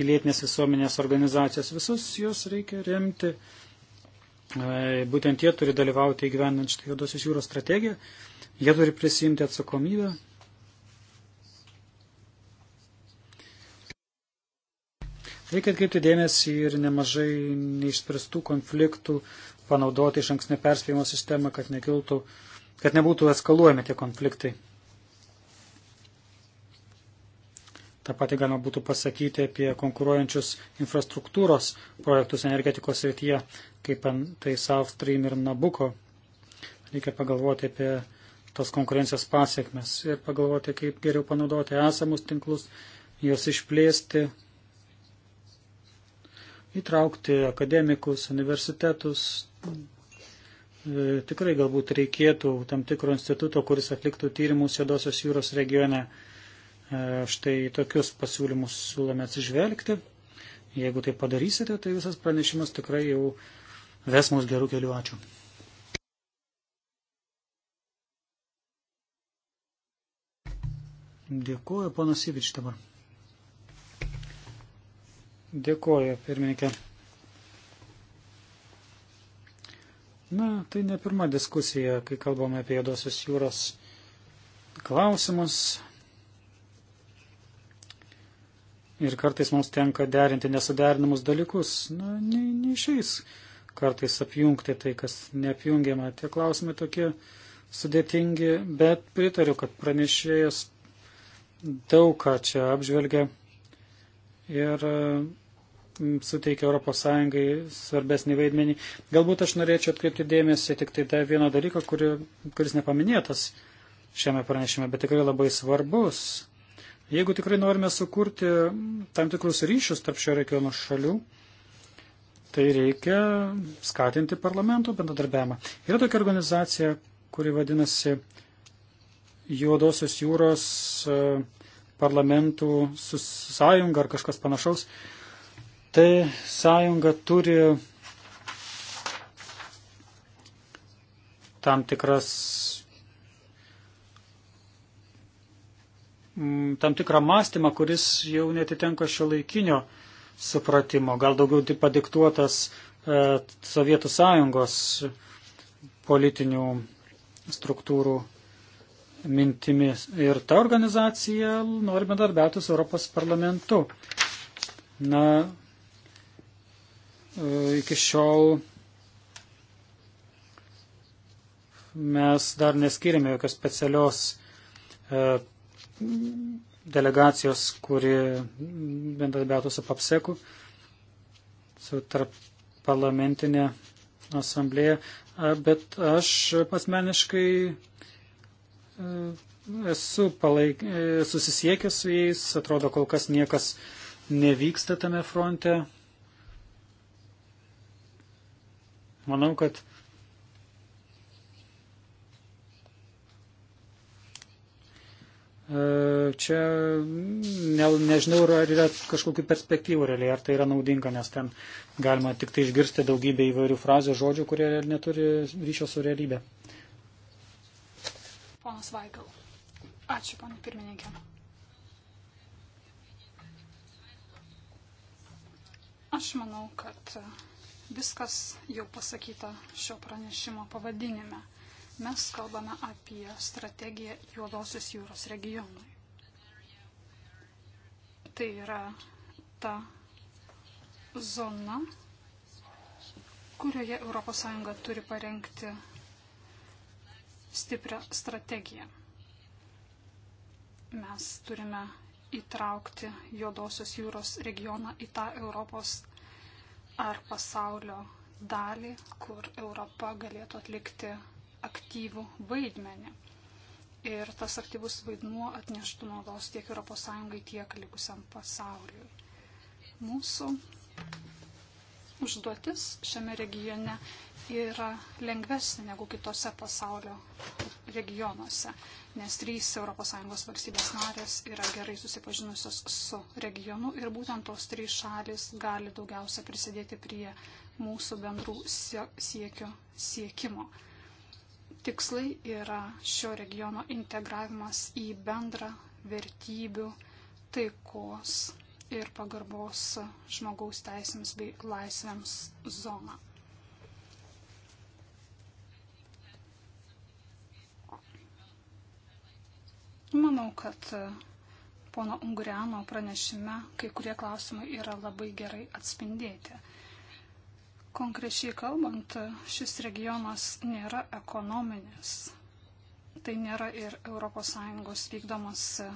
pilietinės visuomenės organizacijos. Visus juos reikia remti. E, būtent jie turi dalyvauti įgyvenant šitą juodosios jūros strategiją. Jie turi prisimti atsakomybę Reikia atkreipti dėmesį ir nemažai neišspręstų konfliktų, panaudoti iš anksnio perspėjimo sistemą, kad, nekiltų, kad nebūtų eskaluojami tie konfliktai. Ta pati galima būtų pasakyti apie konkuruojančius infrastruktūros projektus energetikos srityje, kaip tai South Stream ir Nabuko. Reikia pagalvoti apie tos konkurencijos pasiekmes ir pagalvoti, kaip geriau panaudoti esamus tinklus, juos išplėsti, įtraukti akademikus, universitetus. E, tikrai galbūt reikėtų tam tikro instituto, kuris atliktų tyrimus Jėdosios jūros regione. E, štai tokius pasiūlymus siūlome atsižvelgti. Jeigu tai padarysite, tai visas pranešimas tikrai jau ves mus gerų kelių. Ačiū. Dėkuoju, ponas Įvič dabar. Dėkoju, pirmininkė. Na, tai ne pirma diskusija, kai kalbame apie Jėdosios jūros klausimus. Ir kartais mums tenka derinti nesuderinamus dalykus. Na, ne, neišeis kartais apjungti tai, kas neapjungiama. Tie klausimai tokie sudėtingi, bet pritariu, kad pranešėjas daug ką čia apžvelgia. Ir suteikia ES svarbesnį vaidmenį. Galbūt aš norėčiau atkreipti dėmesį tik tai tą vieną dalyką, kuri, kuris nepaminėtas šiame pranešime, bet tikrai labai svarbus. Jeigu tikrai norime sukurti tam tikrus ryšius tarp šio regiono šalių, tai reikia skatinti parlamento bendradarbiavimą. Yra tokia organizacija, kuri vadinasi Juodosios jūros e, parlamentų sąjunga ar kažkas panašaus tai sąjunga turi tam tikras mm, tam tikrą mąstymą, kuris jau netitenka šio laikinio supratimo, gal daugiau padiktuotas e, Sovietų sąjungos politinių struktūrų mintimis. Ir ta organizacija nori bendarbiauti su Europos parlamentu. Na, E, iki šiol mes dar neskirime jokios specialios e, delegacijos, kuri bendradarbiautų su PAPSEKU, su tarp parlamentinė asamblėja, bet aš asmeniškai e, esu palaik, susisiekęs su jais, atrodo, kol kas niekas nevyksta tame fronte, Manau, kad e, Čia ne, nežinau, ar yra kažkokių perspektyvų realiai, ar tai yra naudinga, nes ten galima tik tai išgirsti daugybę įvairių frazių, žodžių, kurie neturi ryšio su realybė. Ponas Vaigal. Ačiū, ponė pirmininkė. Aš manau, kad Viskas jau pasakyta šio pranešimo pavadinime. Mes kalbame apie strategiją Juodosios jūros regionui. Tai yra ta zona, kurioje ES turi parengti stiprią strategiją. Mes turime įtraukti Juodosios jūros regioną į tą Europos ar pasaulio dalį, kur Europa galėtų atlikti aktyvų vaidmenį. Ir tas aktyvus vaidmuo atneštų naudos tiek ES, tiek likusiam pasauliui. Mūsų užduotis šiame regione yra lengvesnė negu kitose pasaulio regionuose nes trys ES valstybės narės yra gerai susipažinusios su regionu ir būtent tos trys šalis gali daugiausia prisidėti prie mūsų bendrų siekio siekimo. Tikslai yra šio regiono integravimas į bendrą vertybių, taikos ir pagarbos žmogaus teisėms bei laisvėms zoną. Manau, kad e, pono Unguriano pranešime kai kurie klausimai yra labai gerai atspindėti. Konkrečiai kalbant, šis regionas nėra ekonominis. Tai nėra ir ES vykdomas e,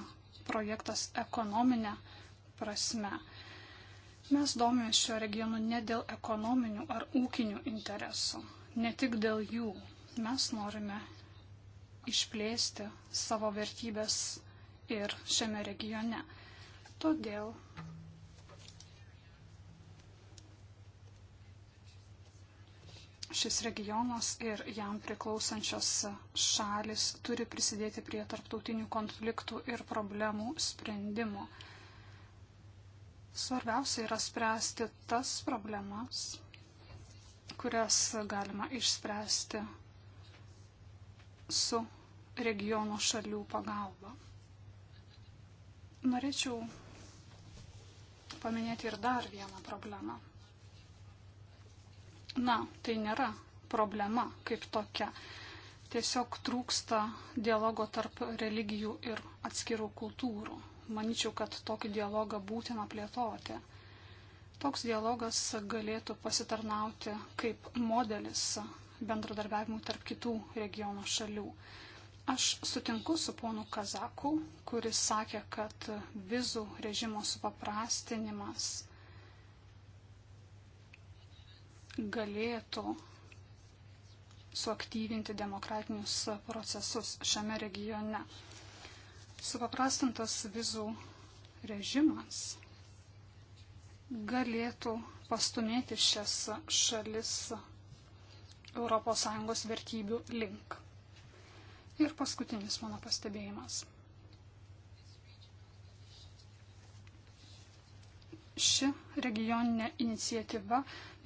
projektas ekonominė prasme. Mes domės šio regionu ne dėl ekonominių ar ūkinių interesų, ne tik dėl jų. Mes norime išplėsti savo vertybės ir šiame regione. Todėl šis regionas ir jam priklausančios šalis turi prisidėti prie tarptautinių konfliktų ir problemų sprendimo. Svarbiausia yra spręsti tas problemas, kurias galima išspręsti su regiono šalių pagalba. Norėčiau paminėti ir dar vieną problemą. Na, tai nėra problema kaip tokia. Tiesiog trūksta dialogo tarp religijų ir atskirų kultūrų. Maničiau, kad tokį dialogą būtina plėtoti. Toks dialogas galėtų pasitarnauti kaip modelis bendradarbiavimui tarp kitų regiono šalių. Aš sutinku su ponu Kazaku, kuris sakė, kad vizų režimo supaprastinimas galėtų suaktyvinti demokratinius procesus šiame regione. Supaprastintas vizų režimas galėtų pastumėti šias šalis ES vertybių link. Ir paskutinis mano pastebėjimas. Ši regioninė iniciatyva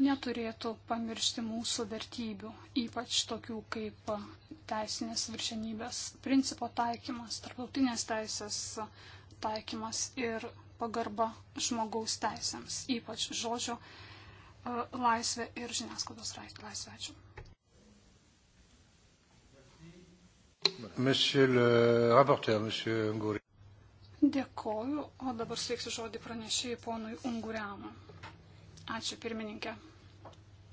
neturėtų pamiršti mūsų vertybių, ypač tokių kaip teisinės viršenybės principo taikymas, tarptautinės teisės taikymas ir pagarba žmogaus teisėms, ypač žodžio e, laisvė ir žiniasklaidos laisvė. Ačiū. Monsieur le rapporteur, monsieur Nguri. Dėkoju, o dabar sveiksiu žodį pranešėjai ponui Unguriamui. Ačiū pirmininkė.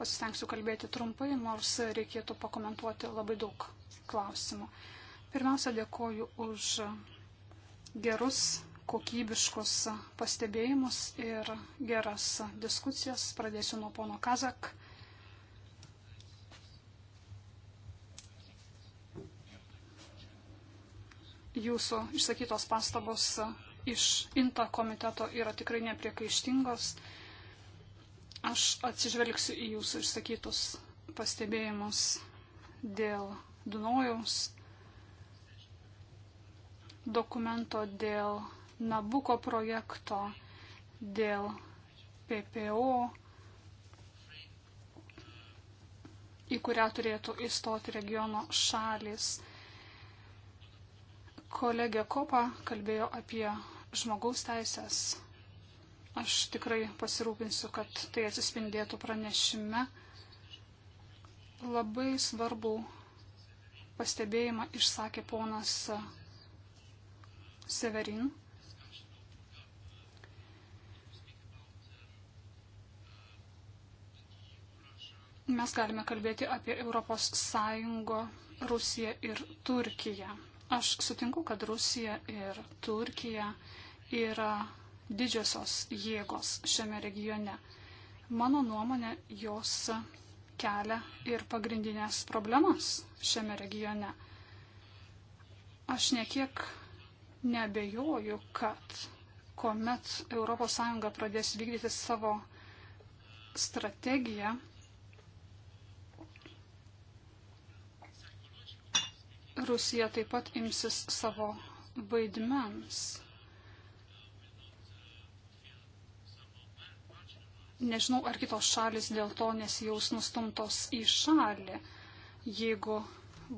Pasistengsiu kalbėti trumpai, nors reikėtų pakomentuoti labai daug klausimų. Pirmiausia, dėkoju už gerus, kokybiškus pastebėjimus ir geras diskusijas. Pradėsiu nuo pono Kazak. jūsų išsakytos pastabos iš INTA komiteto yra tikrai nepriekaištingos. Aš atsižvelgsiu į jūsų išsakytus pastebėjimus dėl Dunojaus dokumento, dėl Nabuko projekto, dėl PPO, į kurią turėtų įstoti regiono šalis. Kolegė Kopa kalbėjo apie žmogaus teisės. Aš tikrai pasirūpinsiu, kad tai atsispindėtų pranešime. Labai svarbu pastebėjimą išsakė ponas Severin. Mes galime kalbėti apie Europos Sąjungo, Rusiją ir Turkiją. Aš sutinku, kad Rusija ir Turkija yra didžiosios jėgos šiame regione. Mano nuomonė, jos kelia ir pagrindinės problemas šiame regione. Aš nekiek nebejoju, kad kuomet ES pradės vykdyti savo strategiją, Rusija taip pat imsis savo vaidmens. Nežinau, ar kitos šalis dėl to nesijaus nustumtos į šalį, jeigu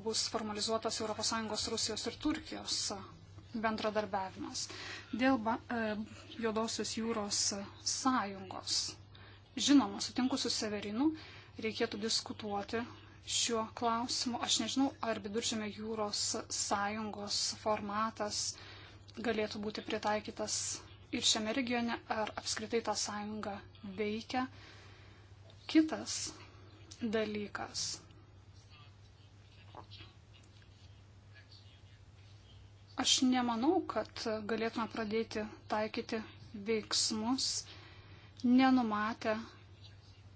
bus formalizuotas ES, Rusijos ir Turkijos bendradarbiavimas. Dėl ba, e, Jodosios jūros sąjungos. Žinoma, sutinku su Severinu, reikėtų diskutuoti šiuo klausimu. Aš nežinau, ar viduržėmio jūros sąjungos formatas galėtų būti pritaikytas ir šiame regione, ar apskritai ta sąjunga veikia. Kitas dalykas. Aš nemanau, kad galėtume pradėti taikyti veiksmus, nenumatę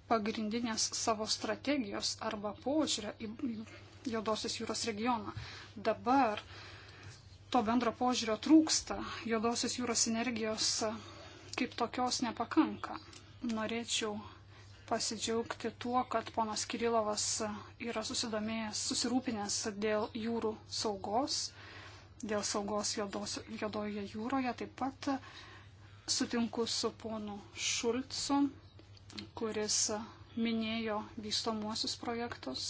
pagrindinės savo strategijos arba požiūrio į Jodosios jūros regioną. Dabar to bendro požiūrio trūksta, Jodosios jūros energijos kaip tokios nepakanka. Norėčiau pasidžiaugti tuo, kad ponas Kirilovas yra susidomėjęs, susirūpinęs dėl jūrų saugos, dėl saugos jodos, jodoje jūroje. Taip pat sutinku su ponu Šulcu kuris minėjo vystomuosius projektus.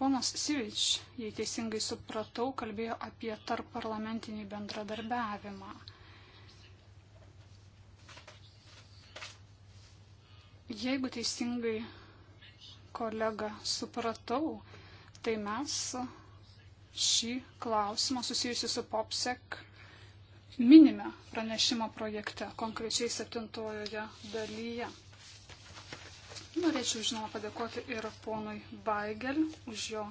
Ponas Sivič, jei teisingai supratau, kalbėjo apie tarp parlamentinį bendradarbiavimą. Jeigu teisingai kolega supratau, tai mes šį klausimą susijusi su POPSEC minime pranešimo projekte, konkrečiai septintojoje dalyje. Norėčiau, žinoma, padėkoti ir ponui Baigel už jo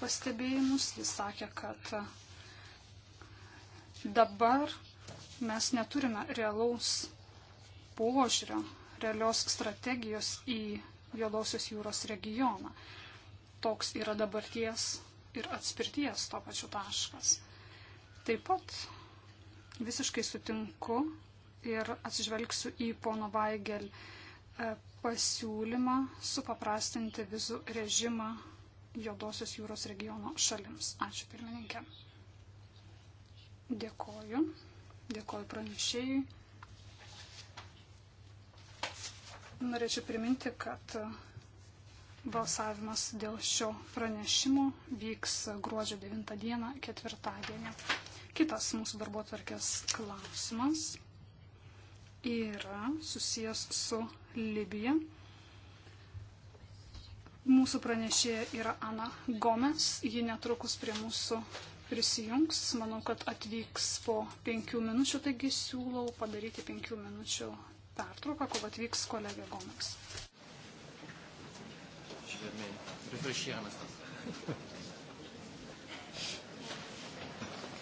pastebėjimus. Jis sakė, kad dabar mes neturime realaus požiūrio, realios strategijos į Juodosios jūros regioną. Toks yra dabarties ir atspirties to pačiu taškas. Taip pat Visiškai sutinku ir atsižvelgsiu į pono Vaigel e, pasiūlymą supaprastinti vizų režimą Jodosios jūros regiono šalims. Ačiū pirmininkė. Dėkoju. Dėkoju pranešėjui. Norėčiau priminti, kad balsavimas dėl šio pranešimo vyks gruodžio 9 dieną ketvirtadienį. Kitas mūsų darbo tvarkės klausimas yra susijęs su Libija. Mūsų pranešėja yra Ana Gomes, ji netrukus prie mūsų prisijungs, manau, kad atvyks po penkių minučių, taigi siūlau padaryti penkių minučių pertrauką, kol atvyks kolegė Gomes. Žemė, refrešėjimas. Tai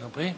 Dobrý.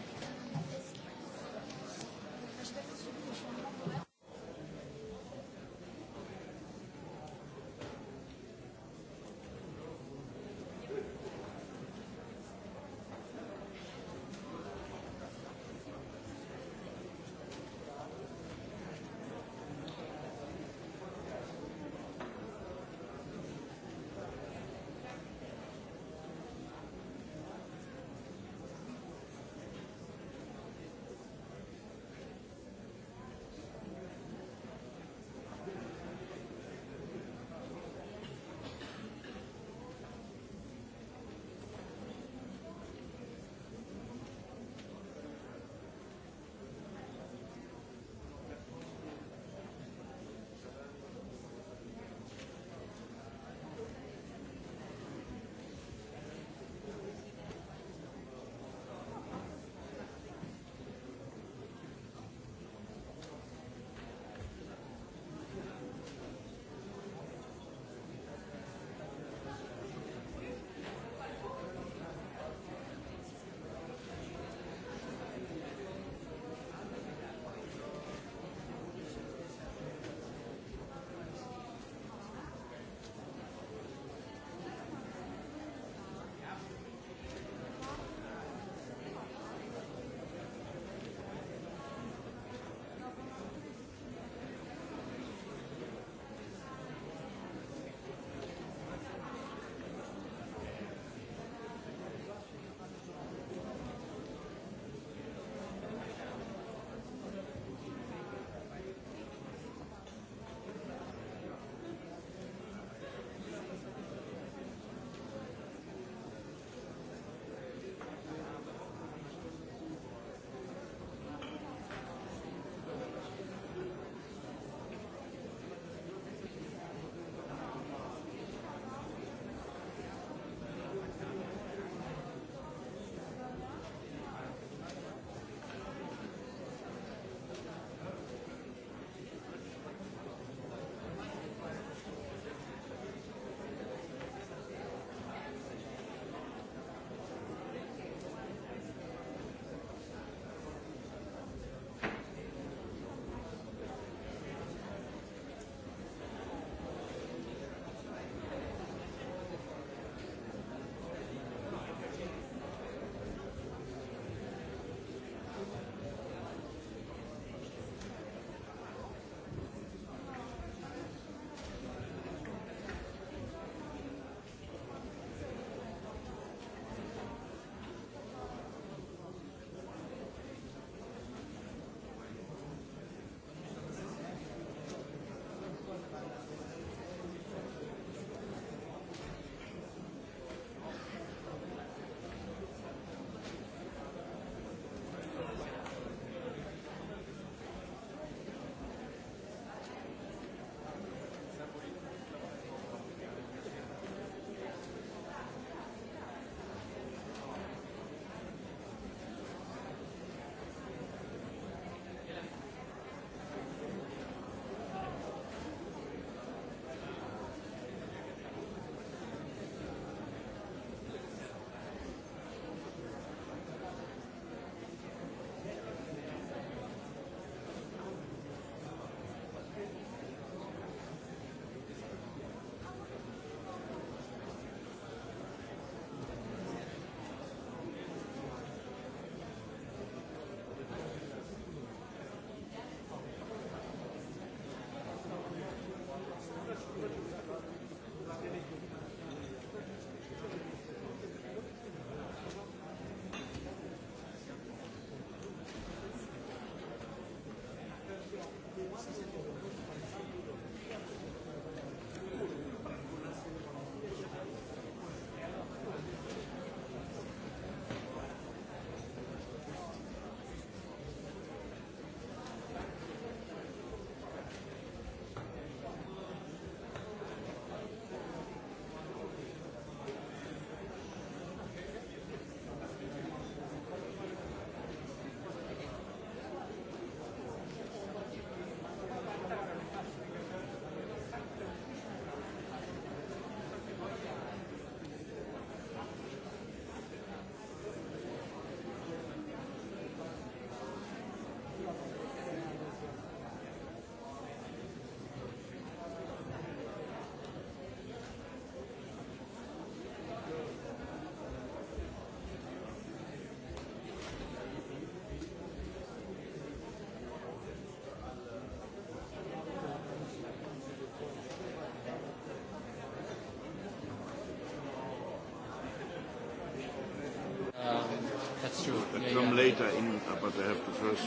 it's true. They yeah, come yeah. later in, uh, but they have to first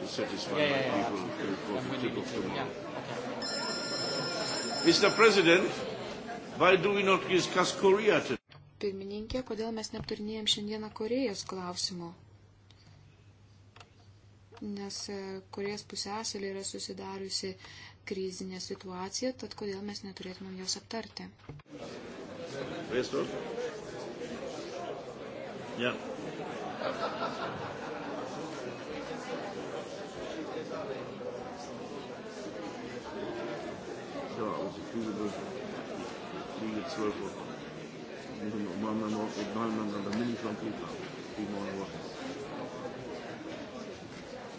to satisfy yeah, yeah, yeah, people yeah, before the tip of tomorrow. Yeah, okay. Mr. President, why do we not discuss Korea today? Pirmininkė, kodėl mes neaptarinėjom šiandieną Korejos klausimo? Nes e, Korejos pusėselė yra susidariusi krizinė situacija, tad kodėl mes neturėtumėm jos aptarti? Vaizdu. Yeah. So, also Flüge, Flüge 12 Uhr. Und dann waren wir noch, dann waren wir dann schon Pizza. Die 9 Uhr.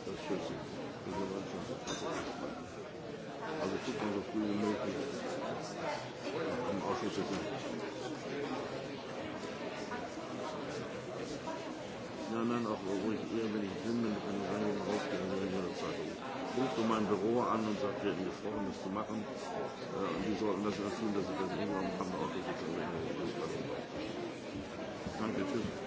Das ist schön. Das ist aber schön. Also guck mal, so früh wie möglich. Am Ausschuss sitzen. anderen auch ruhig eher, wenn ich bin, wenn ich dann rangehen rausgehe, dann nehme ich eine Zeitung. Rufst du mein Büro an und sagst, wir hätten gesprochen, um das zu machen. Äh, und die sollten das tun, dass ich das irgendwann am Auto sitzen. Danke, tschüss.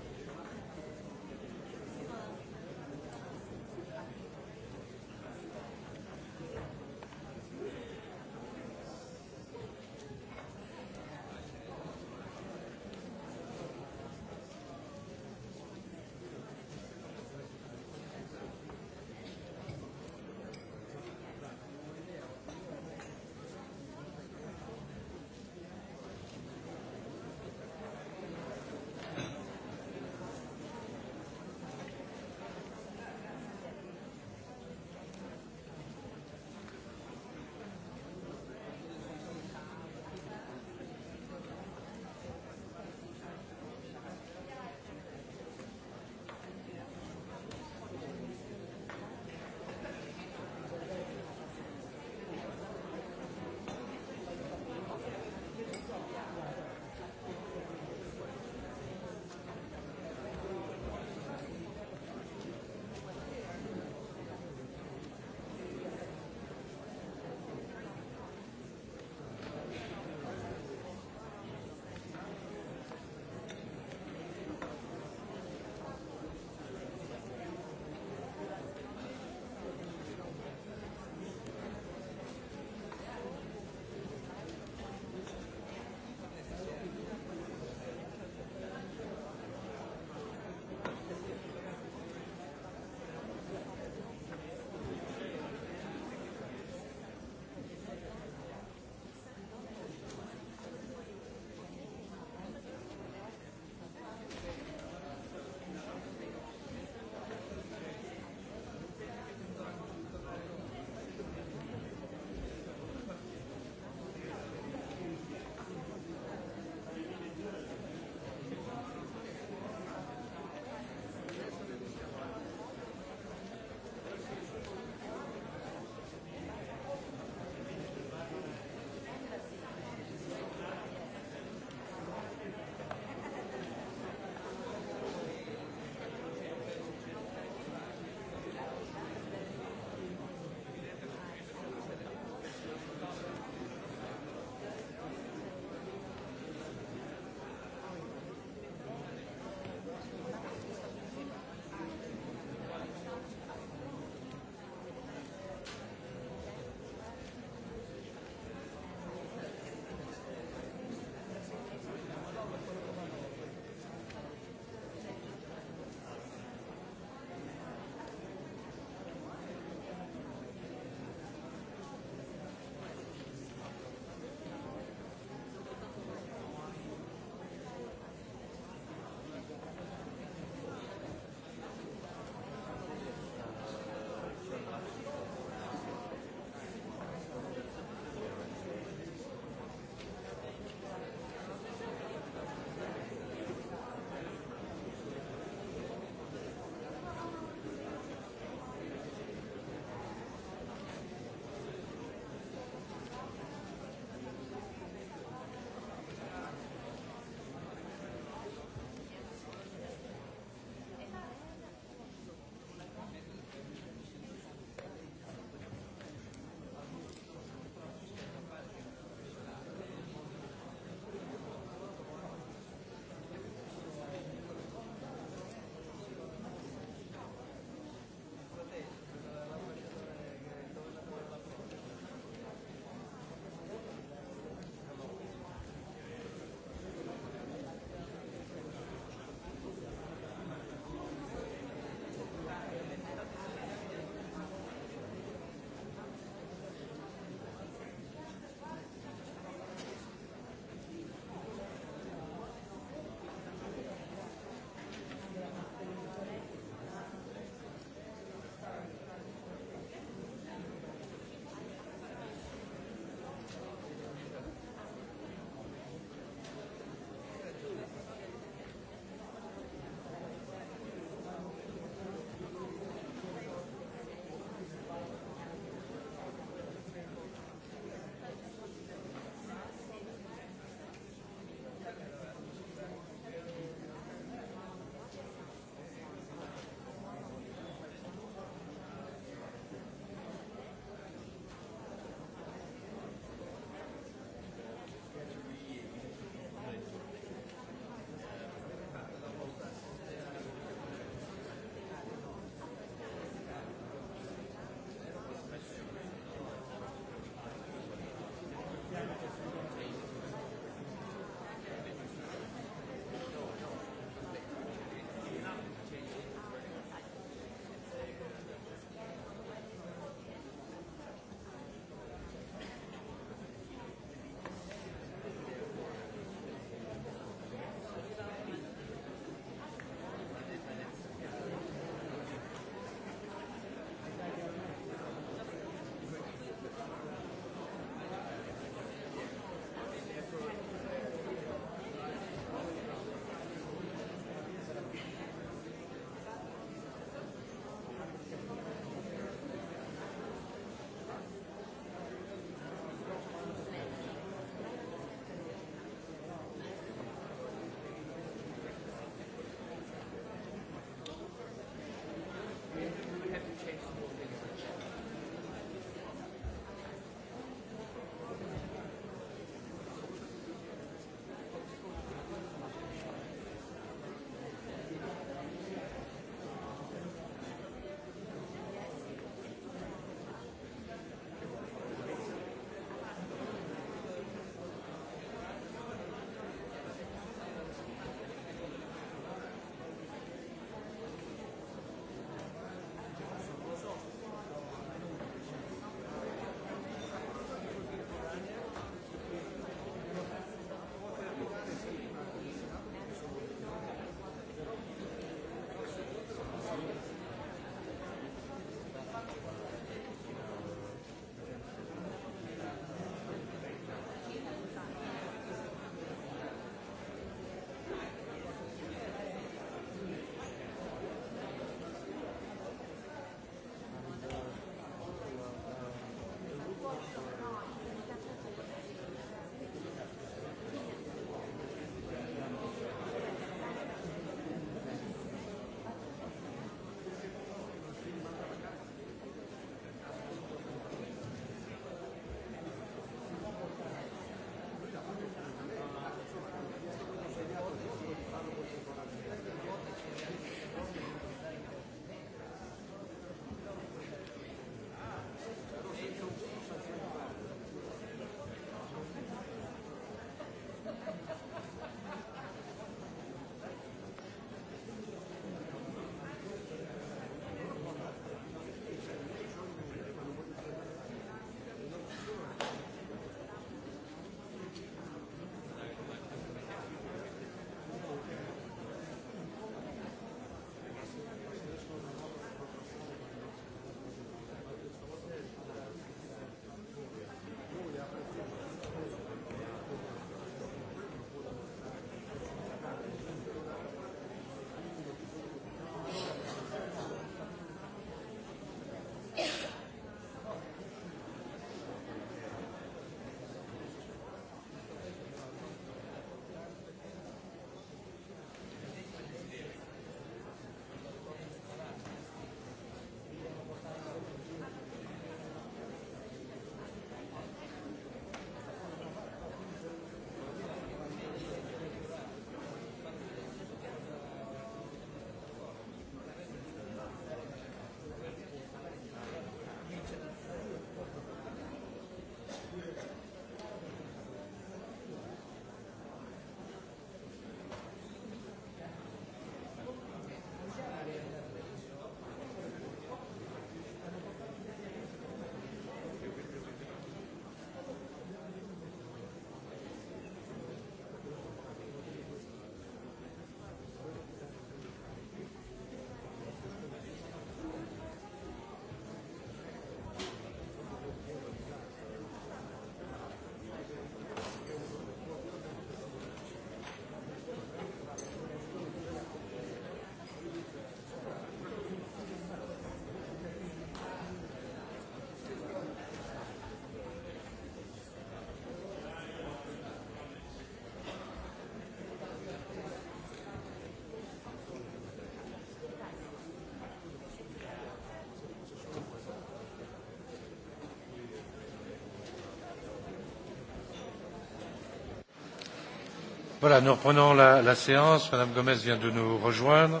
Voilà, nous reprenons la, la séance. Madame Gomez vient de nous rejoindre.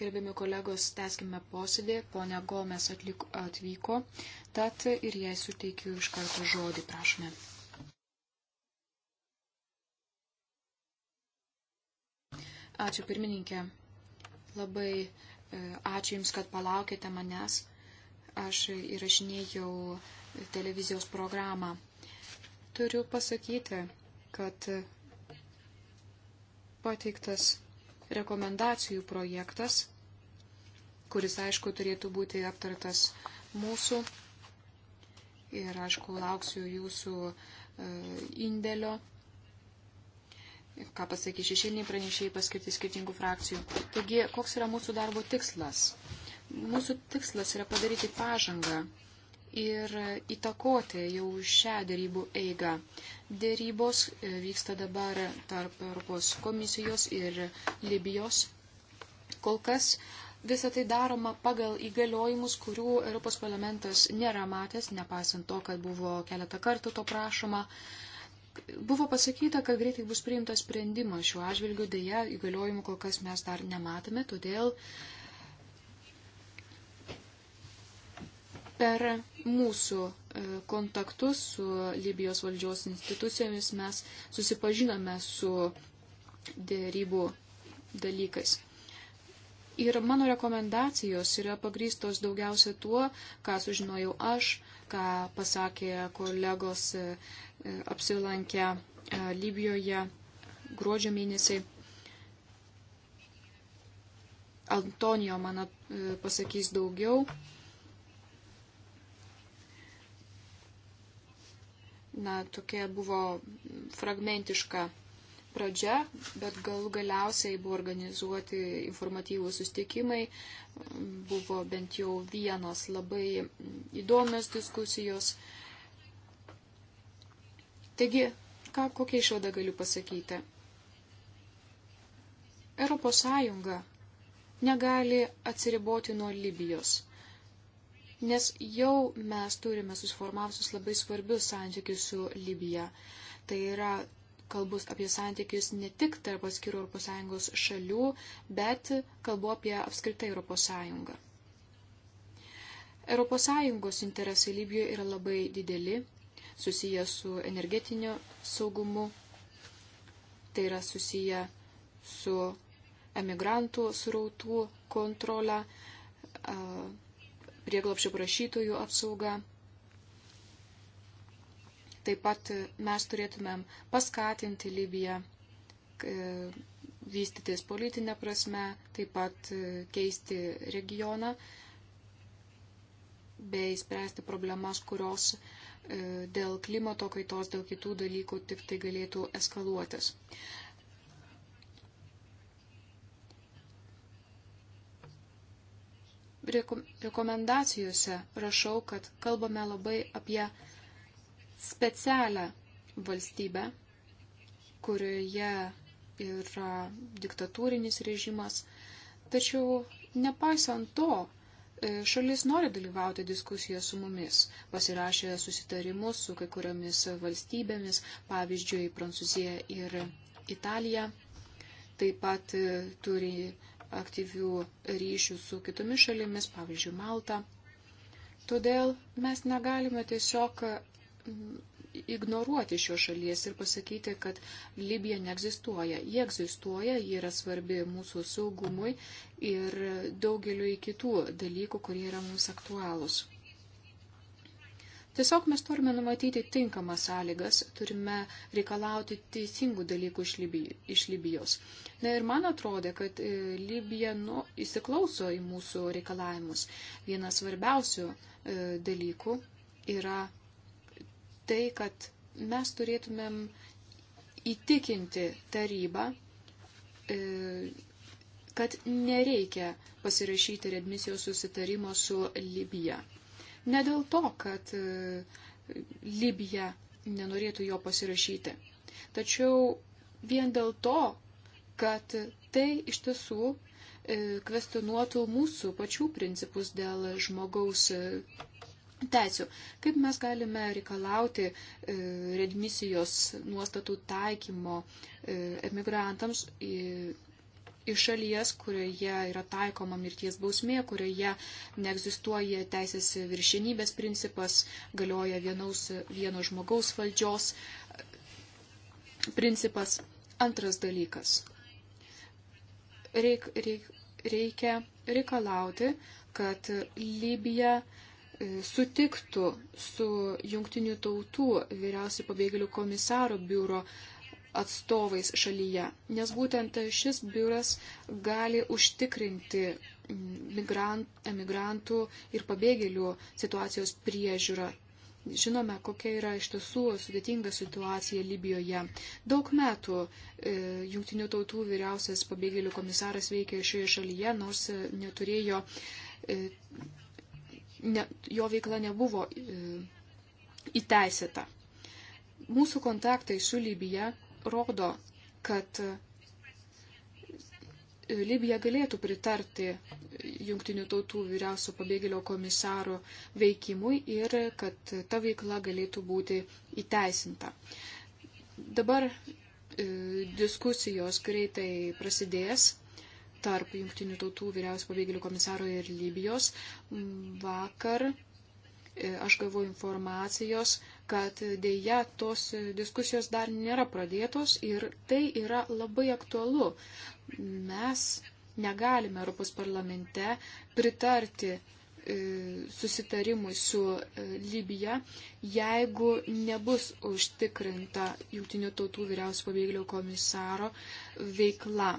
Gerbėmi kolegos, teskime posėdį. Pone Gomes atliko, atvyko, tad ir jai suteikiu iš karto žodį, prašome. Ačiū pirmininkė. Labai e, ačiū Jums, kad palaukėte manęs. Aš įrašinėjau televizijos programą. Turiu pasakyti, kad pateiktas rekomendacijų projektas, kuris, aišku, turėtų būti aptartas mūsų ir, aišku, lauksiu jūsų e, indėlio, ką pasakys šešėliniai pranešėjai paskirti skirtingų frakcijų. Taigi, koks yra mūsų darbo tikslas? Mūsų tikslas yra padaryti pažangą ir įtakoti jau šią dėrybų eigą. Dėrybos e, vyksta dabar tarp Europos komisijos ir Libijos. Kol kas visą tai daroma pagal įgaliojimus, kurių Europos parlamentas nėra matęs, nepaisant to, kad buvo keletą kartų to prašoma. Buvo pasakyta, kad greitai bus priimtas sprendimas šiuo atžvilgiu, dėja įgaliojimų kol kas mes dar nematome, todėl Per mūsų e, kontaktus su Libijos valdžios institucijomis mes susipažinome su dėrybų dalykais. Ir mano rekomendacijos yra pagrystos daugiausia tuo, ką sužinojau aš, ką pasakė kolegos e, e, apsilankę Libijoje gruodžio mėnesį. Antonijo man pasakys daugiau na, tokia buvo fragmentiška pradžia, bet gal galiausiai buvo organizuoti informatyvų sustikimai, buvo bent jau vienos labai įdomios diskusijos. Taigi, ką, kokią išvadą galiu pasakyti? Europos Sąjunga negali atsiriboti nuo Libijos nes jau mes turime susiformavusius labai svarbius santykius su Libija. Tai yra kalbus apie santykius ne tik tarp atskirų ES šalių, bet kalbu apie apskritai ES. ES interesai Libijoje yra labai dideli, susiję su energetiniu saugumu, tai yra susiję su emigrantų srautų kontrolę, prieglopšio prašytojų apsauga. Taip pat mes turėtumėm paskatinti Libiją vystytis politinę prasme, taip pat e, keisti regioną bei spręsti problemas, kurios e, dėl klimato kaitos, dėl kitų dalykų tik tai galėtų eskaluotis. rekomendacijose rašau, kad kalbame labai apie specialią valstybę, kurioje yra diktatūrinis režimas. Tačiau nepaisant to, e, šalis nori dalyvauti diskusijoje su mumis, pasirašė susitarimus su kai kuriomis valstybėmis, pavyzdžiui, Prancūzija ir Italija. Taip pat e, turi aktyvių ryšių su kitomis šalimis, pavyzdžiui, Malta. Todėl mes negalime tiesiog mm, ignoruoti šios šalies ir pasakyti, kad Libija neegzistuoja. Jie egzistuoja, jie yra svarbi mūsų saugumui ir daugeliu kitų dalykų, kurie yra mums aktualūs. Tiesiog mes turime numatyti tinkamas sąlygas, turime reikalauti teisingų dalykų iš, Libij, iš Libijos. Na ir man atrodė, kad e, Libija nu, įsiklauso į mūsų reikalavimus. Vienas svarbiausių e, dalykų yra tai, kad mes turėtumėm įtikinti tarybą, e, kad nereikia pasirašyti redmisijos susitarimo su Libija. Ne dėl to, kad e, Libija nenorėtų jo pasirašyti, tačiau vien dėl to, kad tai iš tiesų e, kvestionuotų mūsų pačių principus dėl žmogaus e, teisų. Kaip mes galime reikalauti redmisijos nuostatų taikymo emigrantams iš šalies, kurioje yra taikoma mirties bausmė, kurioje neegzistuoja teisės viršinybės principas, galioja vienaus, vieno žmogaus valdžios principas. Antras dalykas. Reik, reik, reikia reikalauti, kad Libija e, sutiktų su jungtinių tautų vyriausių pabėgėlių komisaro biuro atstovais šalyje, nes būtent šis biuras gali užtikrinti migrant, emigrantų ir pabėgėlių situacijos priežiūrą. Žinome, kokia yra iš tiesų sudėtinga situacija Libijoje. Daug metų e, Junktinių tautų vyriausias pabėgėlių komisaras veikė šioje šalyje, nors e, neturėjo, e, ne, jo veikla nebuvo e, įteisėta. Mūsų kontaktai su Libija rodo, kad e, Libija galėtų pritarti Junktinių tautų vyriausio pabėgėlio komisaro veikimui ir kad ta veikla galėtų būti įteisinta. Dabar e, diskusijos greitai prasidės tarp Junktinių tautų vyriausio pabėgėlių komisaro ir Libijos. Vakar e, aš gavau informacijos, e, kad dėja tos diskusijos dar nėra pradėtos ir tai yra labai aktualu. Mes negalime Europos parlamente pritarti e, susitarimui su e, Libija, jeigu nebus užtikrinta Junktinių tautų vyriausio pabėgėlio komisaro veikla.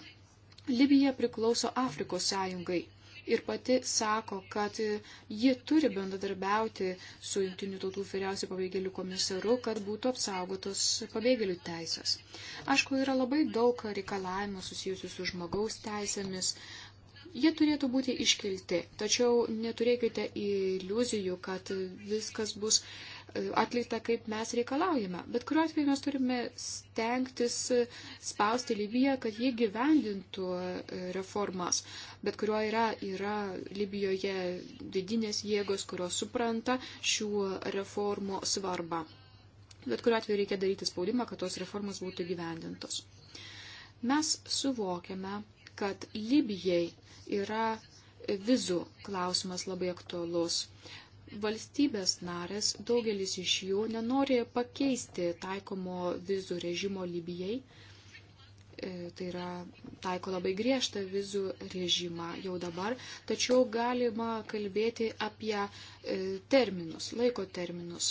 Libija priklauso Afrikos sąjungai ir pati sako, kad ji turi bendradarbiauti su Junktinių tautų vyriausių pabėgėlių komisaru, kad būtų apsaugotos pabėgėlių teisės. Aišku, yra labai daug reikalavimų susijusių su žmogaus teisėmis, jie turėtų būti iškelti. Tačiau neturėkite iliuzijų, kad viskas bus atlikta, kaip mes reikalaujame. Bet kuriuo atveju mes turime stengtis spausti Libiją, kad jie gyvendintų e, reformas. Bet kuriuo yra, yra Libijoje vidinės jėgos, kurios supranta šių reformų svarbą. Bet kuriuo atveju reikia daryti spaudimą, kad tos reformos būtų gyvendintos. Mes suvokiame, kad Libijai yra vizų klausimas labai aktualus valstybės narės, daugelis iš jų nenori pakeisti taikomo vizų režimo Libijai. E, tai yra taiko labai griežtą vizų režimą jau dabar, tačiau galima kalbėti apie e, terminus, laiko terminus,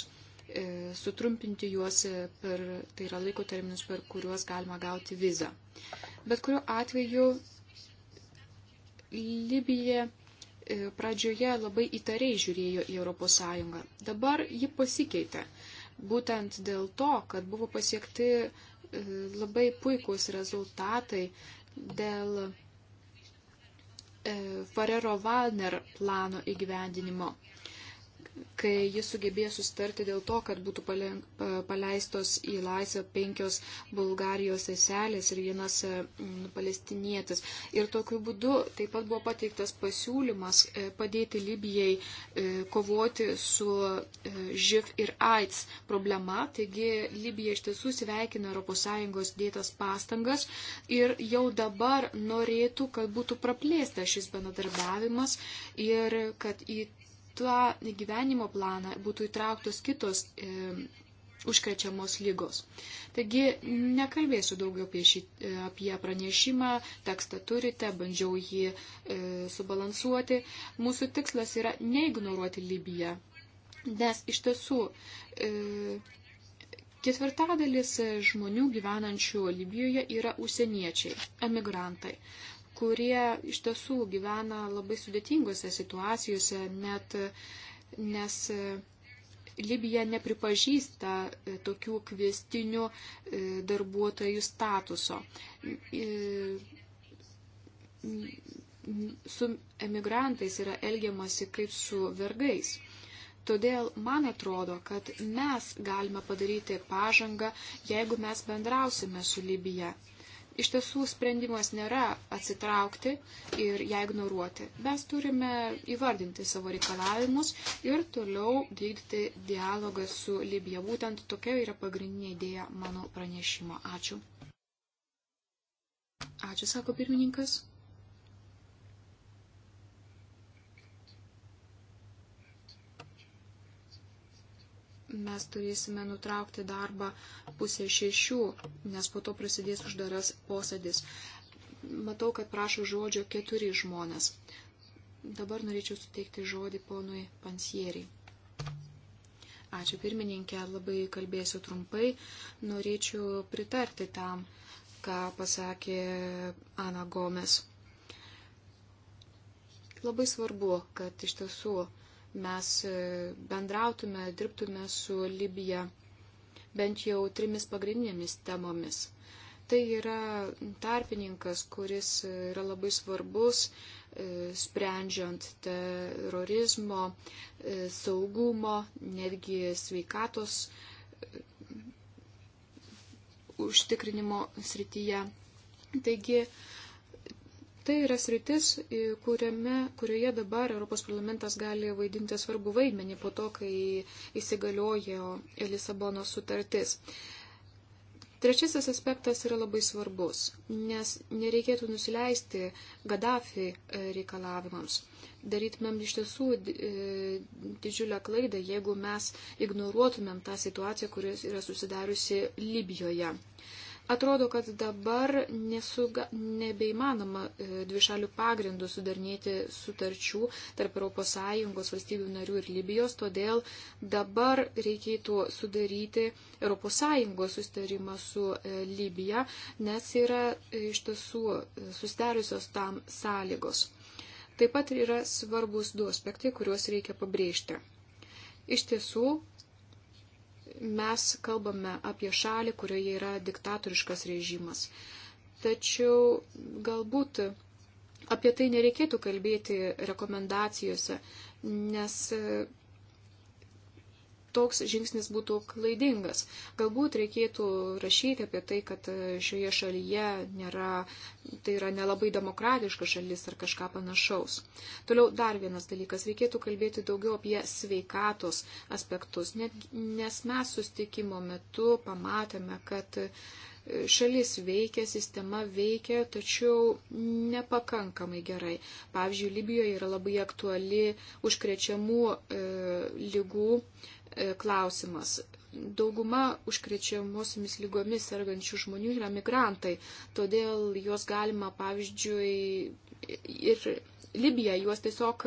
e, sutrumpinti juos per, tai yra laiko terminus, per kuriuos galima gauti vizą. Bet kuriuo atveju Libija E, pradžioje labai įtariai žiūrėjo į ES. Dabar ji pasikeitė. Būtent dėl to, kad buvo pasiekti e, labai puikūs rezultatai dėl e, Farero Valner plano įgyvendinimo kai jis sugebėjo sustarti dėl to, kad būtų paleistos į laisvę penkios Bulgarijos seselės ir vienas mm, palestinietis. Ir tokiu būdu taip pat buvo pateiktas pasiūlymas e, padėti Libijai e, kovoti su e, živ ir AIDS problema. Taigi Libija iš tiesų sveikina ES dėtas pastangas ir jau dabar norėtų, kad būtų praplėsta šis bendradarbiavimas ir kad į tą gyvenimo planą būtų įtrauktos kitos e, užkrečiamos lygos. Taigi nekalbėsiu daugiau apie, šį, e, apie pranešimą, tekstą turite, bandžiau jį e, subalansuoti. Mūsų tikslas yra neignoruoti Libiją, nes iš tiesų e, ketvirtadalis žmonių gyvenančių Libijoje yra užsieniečiai, emigrantai kurie iš tiesų gyvena labai sudėtingose situacijose, net nes e, Libija nepripažįsta e, tokių kvestinių e, darbuotojų statuso. Su emigrantais yra elgiamasi kaip su vergais. Todėl man atrodo, kad mes galime padaryti pažangą, jeigu mes bendrausime su Libija Iš tiesų sprendimas nėra atsitraukti ir ją ignoruoti. Mes turime įvardinti savo reikalavimus ir toliau vykdyti dialogą su Libija. Būtent tokia yra pagrindinė idėja mano pranešimo. Ačiū. Ačiū, sako pirmininkas. mes turėsime nutraukti darbą pusę šešių, nes po to prasidės uždaras posėdis. Matau, kad prašo žodžio keturi žmonės. Dabar norėčiau suteikti žodį ponui Pansieriai. Ačiū pirmininkė, labai kalbėsiu trumpai. Norėčiau pritarti tam, ką pasakė Ana Gomes. Labai svarbu, kad iš tiesų mes e, bendrautume, dirbtume su Libija bent jau trimis pagrindinėmis temomis. Tai yra tarpininkas, kuris yra labai svarbus, e, sprendžiant terorizmo, e, saugumo, netgi sveikatos užtikrinimo srityje. Taigi, Tai yra sritis, kuriame, kurioje dabar Europos parlamentas gali vaidinti svarbu vaidmenį po to, kai įsigaliojo Lisabonos sutartis. Trečiasis aspektas yra labai svarbus, nes nereikėtų nusileisti Gaddafi e, reikalavimams. Darytumėm iš tiesų e, didžiulę klaidą, jeigu mes ignoruotumėm tą situaciją, kuris yra susidariusi Libijoje. Atrodo, kad dabar nesuga, nebeįmanoma e, dvišalių pagrindų sudarnėti sutarčių tarp ES valstybių narių ir Libijos, todėl dabar reikėtų sudaryti ES sustarimą su e, Libija, nes yra e, iš tiesų sustariusios tam sąlygos. Taip pat yra svarbus du aspektai, kuriuos reikia pabrėžti. Iš tiesų, mes kalbame apie šalį, kurioje yra diktatoriškas režimas. Tačiau galbūt apie tai nereikėtų kalbėti rekomendacijose, nes toks žingsnis būtų klaidingas. Galbūt reikėtų rašyti apie tai, kad e, šioje šalyje nėra, tai yra nelabai demokratiška šalis ar kažką panašaus. Toliau dar vienas dalykas, reikėtų kalbėti daugiau apie sveikatos aspektus, Net, nes mes sustikimo metu pamatėme, kad e, Šalis veikia, sistema veikia, tačiau nepakankamai gerai. Pavyzdžiui, Libijoje yra labai aktuali užkrečiamų e, lygų e, E, klausimas. Dauguma užkrečiamosiomis lygomis sergančių žmonių yra migrantai, todėl juos galima, pavyzdžiui, ir Libija juos tiesiog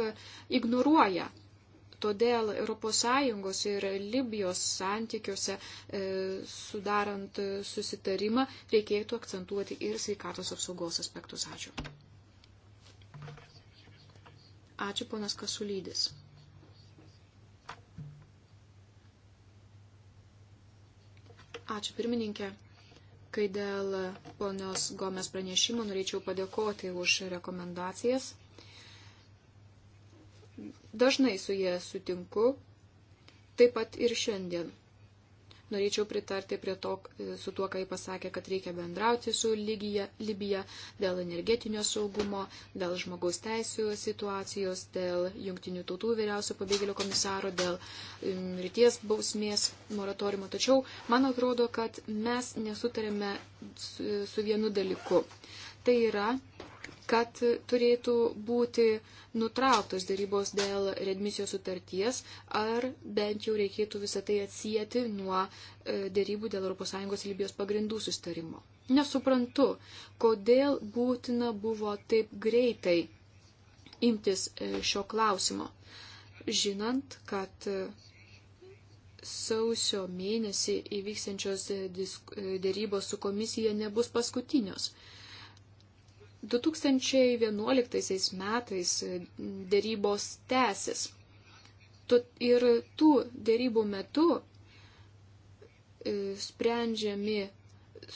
ignoruoja. Todėl ES ir Libijos santykiuose e, sudarant susitarimą reikėtų akcentuoti ir sveikatos apsaugos aspektus. Ačiū. Ačiū, ponas Kasulydis. Ačiū pirmininkė. Kai dėl ponios Gomes pranešimo norėčiau padėkoti už rekomendacijas. Dažnai su jie sutinku, taip pat ir šiandien norėčiau pritarti prie to, e, su tuo, kai pasakė, kad reikia bendrauti su Ligija, Libija dėl energetinio saugumo, dėl žmogaus teisų situacijos, dėl jungtinių tautų vyriausio pabėgėlio komisaro, dėl ryties bausmės moratoriumo. Tačiau man atrodo, kad mes nesutarėme su, su vienu dalyku. Tai yra kad turėtų būti nutrauktos darybos dėl redmisijos sutarties, ar bent jau reikėtų visą tai atsijėti nuo e, darybų dėl ES Libijos pagrindų sustarimo. Nesuprantu, kodėl būtina buvo taip greitai imtis e, šio klausimo, žinant, kad e, sausio mėnesį įvyksiančios dėrybos su komisija nebus paskutinios. 2011 metais dėrybos tęsis. Ir tų dėrybų metu e, sprendžiami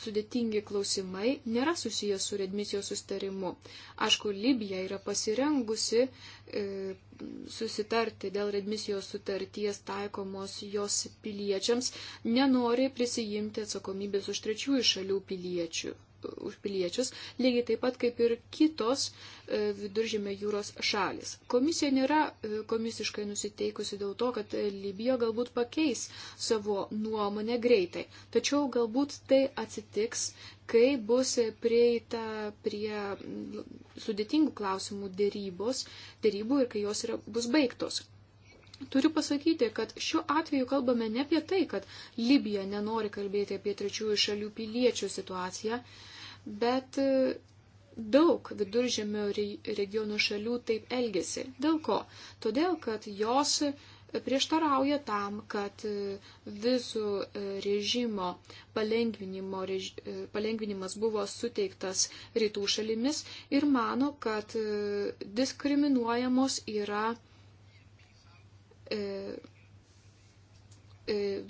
sudėtingi klausimai nėra susijęs su redmisijos sustarimu. Aišku, Libija yra pasirengusi e, susitarti dėl redmisijos sutarties taikomos jos piliečiams, nenori prisijimti atsakomybės už trečiųjų šalių piliečių, už piliečius, lygiai taip pat kaip ir kitos e, viduržėmio jūros šalis. Komisija nėra e, komisiškai nusiteikusi dėl to, kad e, Libija galbūt pakeis savo nuomonę greitai. Tačiau galbūt tai atsitiks, kai bus prieita prie mm, sudėtingų klausimų dėrybos, dėrybų ir kai jos yra, bus baigtos. Turiu pasakyti, kad šiuo atveju kalbame ne apie tai, kad Libija nenori kalbėti apie trečiųjų šalių piliečių situaciją, bet e, daug viduržėmio regiono šalių taip elgesi. Dėl ko? Todėl, kad jos prieštarauja tam, kad e, vizų e, režimo rež... palengvinimas buvo suteiktas rytų šalimis ir mano, kad diskriminuojamos yra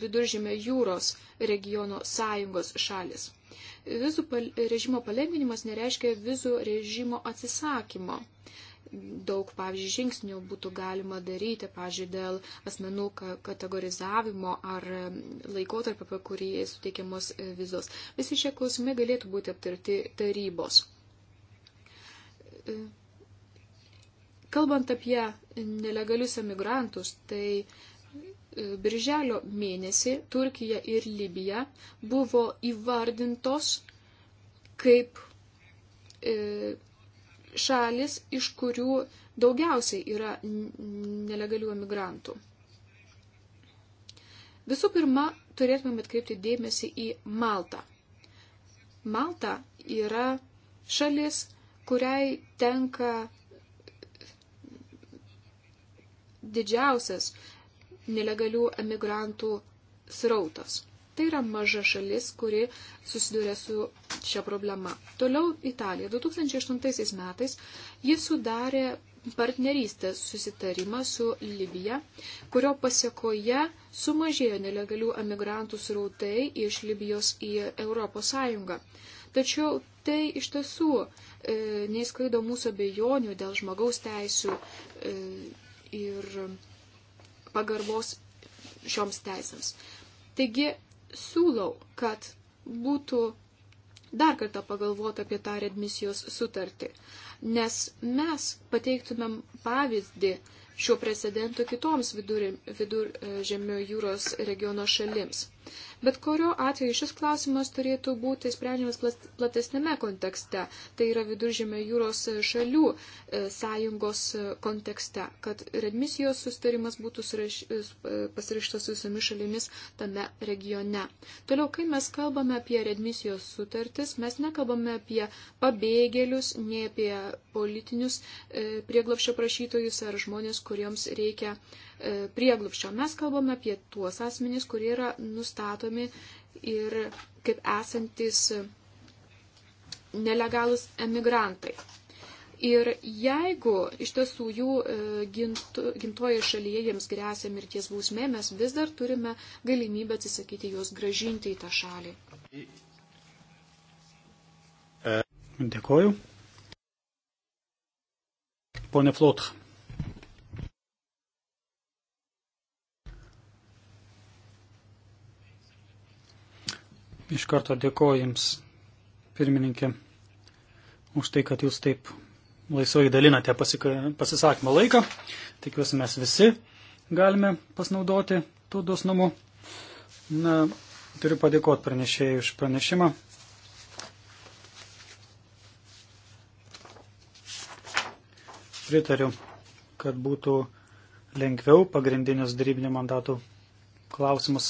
viduržėmio jūros regiono sąjungos šalis. Vizų pal režimo palengvinimas nereiškia vizų režimo atsisakymo. Daug, pavyzdžiui, žingsnių būtų galima daryti, pavyzdžiui, dėl asmenų kategorizavimo ar laikotarpio, apie kurį suteikiamos e, vizos. Visi šie klausimai galėtų būti aptarti tarybos. E, kalbant apie nelegalius emigrantus, tai E, birželio mėnesį Turkija ir Libija buvo įvardintos kaip e, šalis, iš kurių daugiausiai yra nelegalių emigrantų. Visų pirma, turėtumėm atkreipti dėmesį į Maltą. Malta yra šalis, kuriai tenka didžiausias nelegalių emigrantų srautas. Tai yra maža šalis, kuri susiduria su šia problema. Toliau Italija. 2008 metais jis sudarė partnerystės susitarimą su Libija, kurio pasiekoje sumažėjo nelegalių emigrantų srautai iš Libijos į Europos Sąjungą. Tačiau tai iš tiesų e, neįsklaido mūsų abejonių dėl žmogaus teisų e, ir pagarbos šioms teisėms. Taigi siūlau, kad būtų dar kartą pagalvoti apie tą redmisijos sutartį, nes mes pateiktumėm pavyzdį šio precedento kitoms viduržemio vidur, vidur jūros regiono šalims. Bet kuriuo atveju šis klausimas turėtų būti sprendžiamas platesnėme kontekste, tai yra viduržėme jūros šalių e, sąjungos e, kontekste, kad redmisijos sustarimas būtų e, pasirašytas su visomis šalimis tame regione. Toliau, kai mes kalbame apie redmisijos sutartis, mes nekalbame apie pabėgėlius, nei apie politinius e, prieglapščio prašytojus ar žmonės, kuriems reikia e, prieglapščio. Mes kalbame apie tuos asmenys, kurie yra nustatomi nelegalumi ir kaip esantis nelegalus emigrantai. Ir jeigu iš tiesų jų e, gimtoje šalyje jiems grėsia mirties bausmė, mes vis dar turime galimybę atsisakyti juos gražinti į tą šalį. Dėkoju. Pone Flotch. Iš karto dėkoju Jums, pirmininkė, už tai, kad Jūs taip laisvai dalinate pasisakymo laiką. Tikiuosi, mes visi galime pasinaudoti tų dosnumų. Na, turiu padėkoti pranešėjai už pranešimą. Pritariu, kad būtų lengviau pagrindinius darybinių mandatų klausimus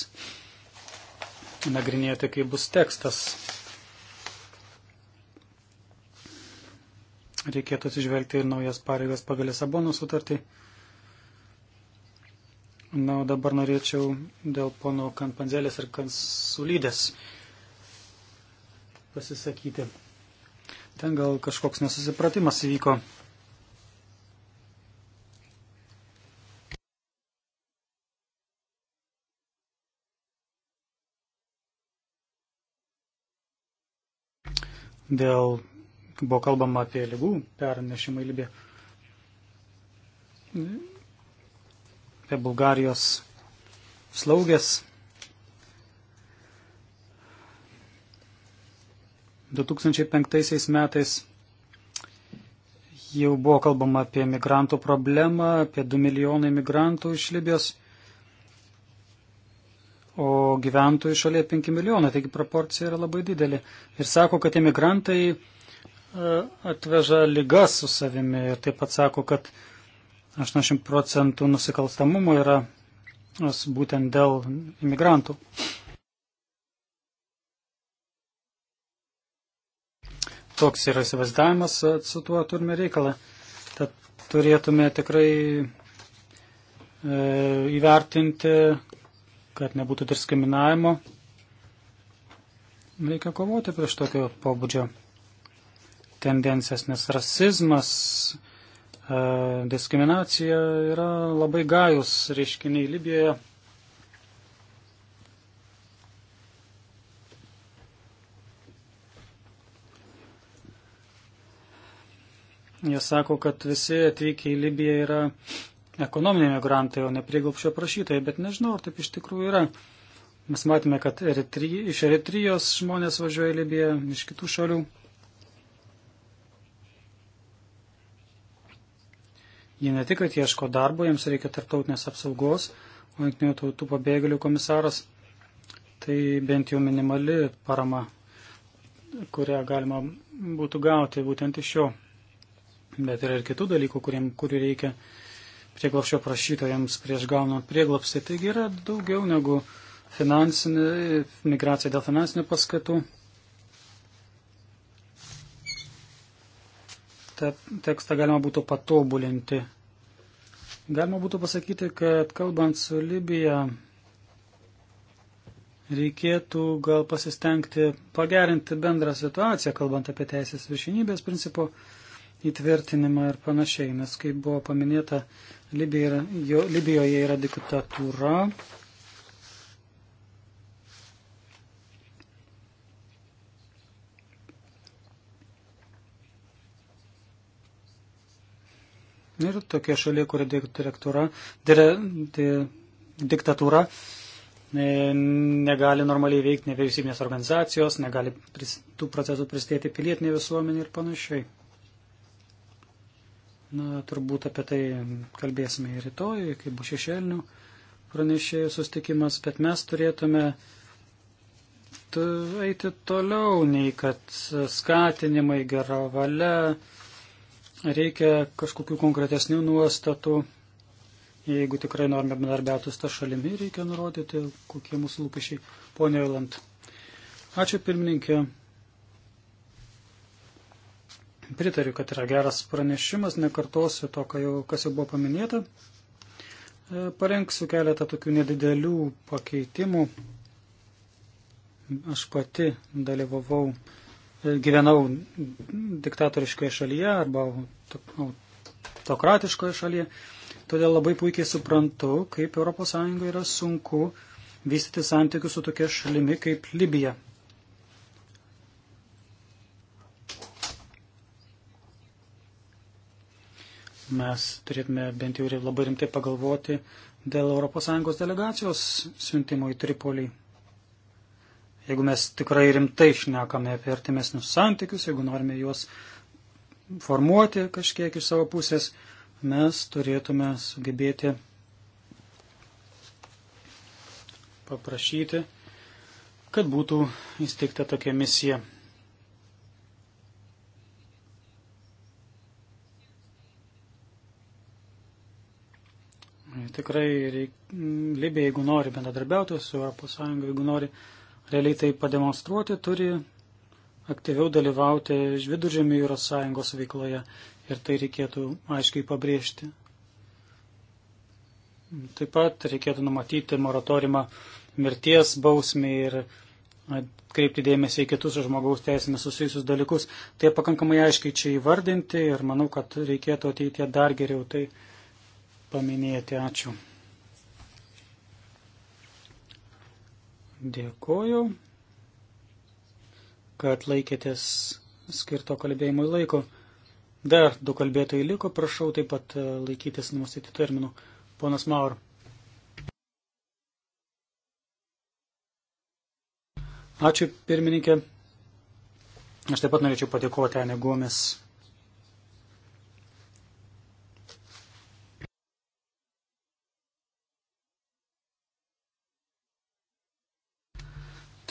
nagrinėti, kai bus tekstas. Reikėtų atsižvelgti ir naujas pareigas pagal Lisabono sutartį. Na, o dabar norėčiau dėl pono Kampanzelės ir Kansulydės pasisakyti. Ten gal kažkoks nesusipratimas įvyko. dėl, buvo kalbama apie lygų pernešimą į Libiją, apie Bulgarijos slaugės. 2005 metais jau buvo kalbama apie migrantų problemą, apie 2 milijonai migrantų iš Libijos o gyventojų šalia 5 milijonai, taigi proporcija yra labai didelė. Ir sako, kad emigrantai e, atveža lygas su savimi ir taip pat sako, kad 80 procentų nusikalstamumo yra būtent dėl imigrantų. Toks yra įsivaizdavimas, e, su tuo turime reikalą. Tad turėtume tikrai e, įvertinti kad nebūtų diskriminavimo, reikia kovoti prieš tokio pobūdžio tendencijas, nes rasizmas, e, diskriminacija yra labai gajus reiškiniai Libijoje. Jie sako, kad visi atvykę į Libiją yra ekonominiai migrantai, o ne prieglopšio prašytojai, bet nežinau, ar taip iš tikrųjų yra. Mes matėme, kad Eritri, iš Eritrijos žmonės važiuoja į Libiją, iš kitų šalių. Jie ne tik, kad ieško darbo, jiems reikia tarptautinės apsaugos, o jungtinių tautų pabėgėlių komisaras tai bent jau minimali parama, kurią galima būtų gauti būtent iš jo. Bet yra ir kitų dalykų, kuriem, kurių reikia prieglopščio prašytojams prieš gaunant prieglopstį. Taigi yra daugiau negu finansinė, migracija dėl finansinių paskatų. Ta tekstą galima būtų patobulinti. Galima būtų pasakyti, kad kalbant su Libija, reikėtų gal pasistengti pagerinti bendrą situaciją, kalbant apie teisės viršinybės principų įtvirtinimą ir panašiai, nes kaip buvo paminėta, Libija yra, jo, Libijoje yra diktatūra. Ir tokia šalia, kur direktūra, dire, di, diktatūra e, negali normaliai veikti nevyriausybinės organizacijos, negali pris, tų procesų pristėti pilietinė visuomenė ir panašiai. Na, turbūt apie tai kalbėsime ir rytoj, kai bus šešėlinių pranešėjų sustikimas, bet mes turėtume eiti toliau, nei kad skatinimai gera valia, reikia kažkokių konkretesnių nuostatų. Jeigu tikrai norime bendarbiauti su ta šalimi, reikia nurodyti, kokie mūsų lūkesčiai. Pone Jolant. Ačiū pirmininkė pritariu, kad yra geras pranešimas, nekartosiu to, jau, kas jau buvo paminėta. E, parengsiu keletą tokių nedidelių pakeitimų. Aš pati dalyvavau, e, gyvenau diktatoriškoje šalyje arba autokratiškoje šalyje, todėl labai puikiai suprantu, kaip ES yra sunku vystyti santykius su tokia šalimi kaip Libija. mes turėtume bent jau labai rimtai pagalvoti dėl ES delegacijos siuntimo į Tripolį. Jeigu mes tikrai rimtai šnekame apie artimesnius santykius, jeigu norime juos formuoti kažkiek iš savo pusės, mes turėtume sugebėti paprašyti, kad būtų įsteigta tokia misija tikrai reik, mm, Libija, jeigu nori bendradarbiauti su ES, jeigu nori realiai tai pademonstruoti, turi aktyviau dalyvauti Viduržėmio jūros sąjungos veikloje ir tai reikėtų aiškiai pabrėžti. Taip pat reikėtų numatyti moratorimą mirties bausmį ir atkreipti dėmesį į kitus žmogaus teisėmis susijusius dalykus. Tai pakankamai aiškiai čia įvardinti ir manau, kad reikėtų ateitie dar geriau tai paminėti. Ačiū. Dėkoju, kad laikėtės skirto kalbėjimui laiko. Dar du kalbėtojai liko, prašau taip pat e, laikytis numastytų terminų. Ponas Maur. Ačiū pirmininkė. Aš taip pat norėčiau padėkoti Ane Gomes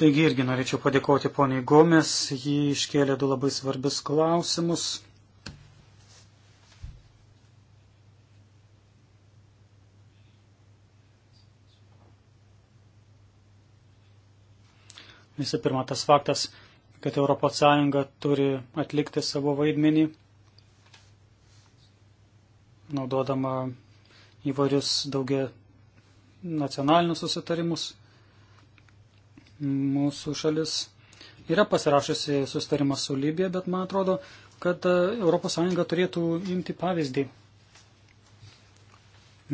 Taigi irgi norėčiau padėkoti poniai Gomes, ji iškėlė du labai svarbius klausimus. Visų pirma, tas faktas, kad ES turi atlikti savo vaidmenį, naudodama įvairius daugia nacionalinius susitarimus Mūsų šalis yra pasirašusi sustarimą su Libija, bet man atrodo, kad ES turėtų imti pavyzdį.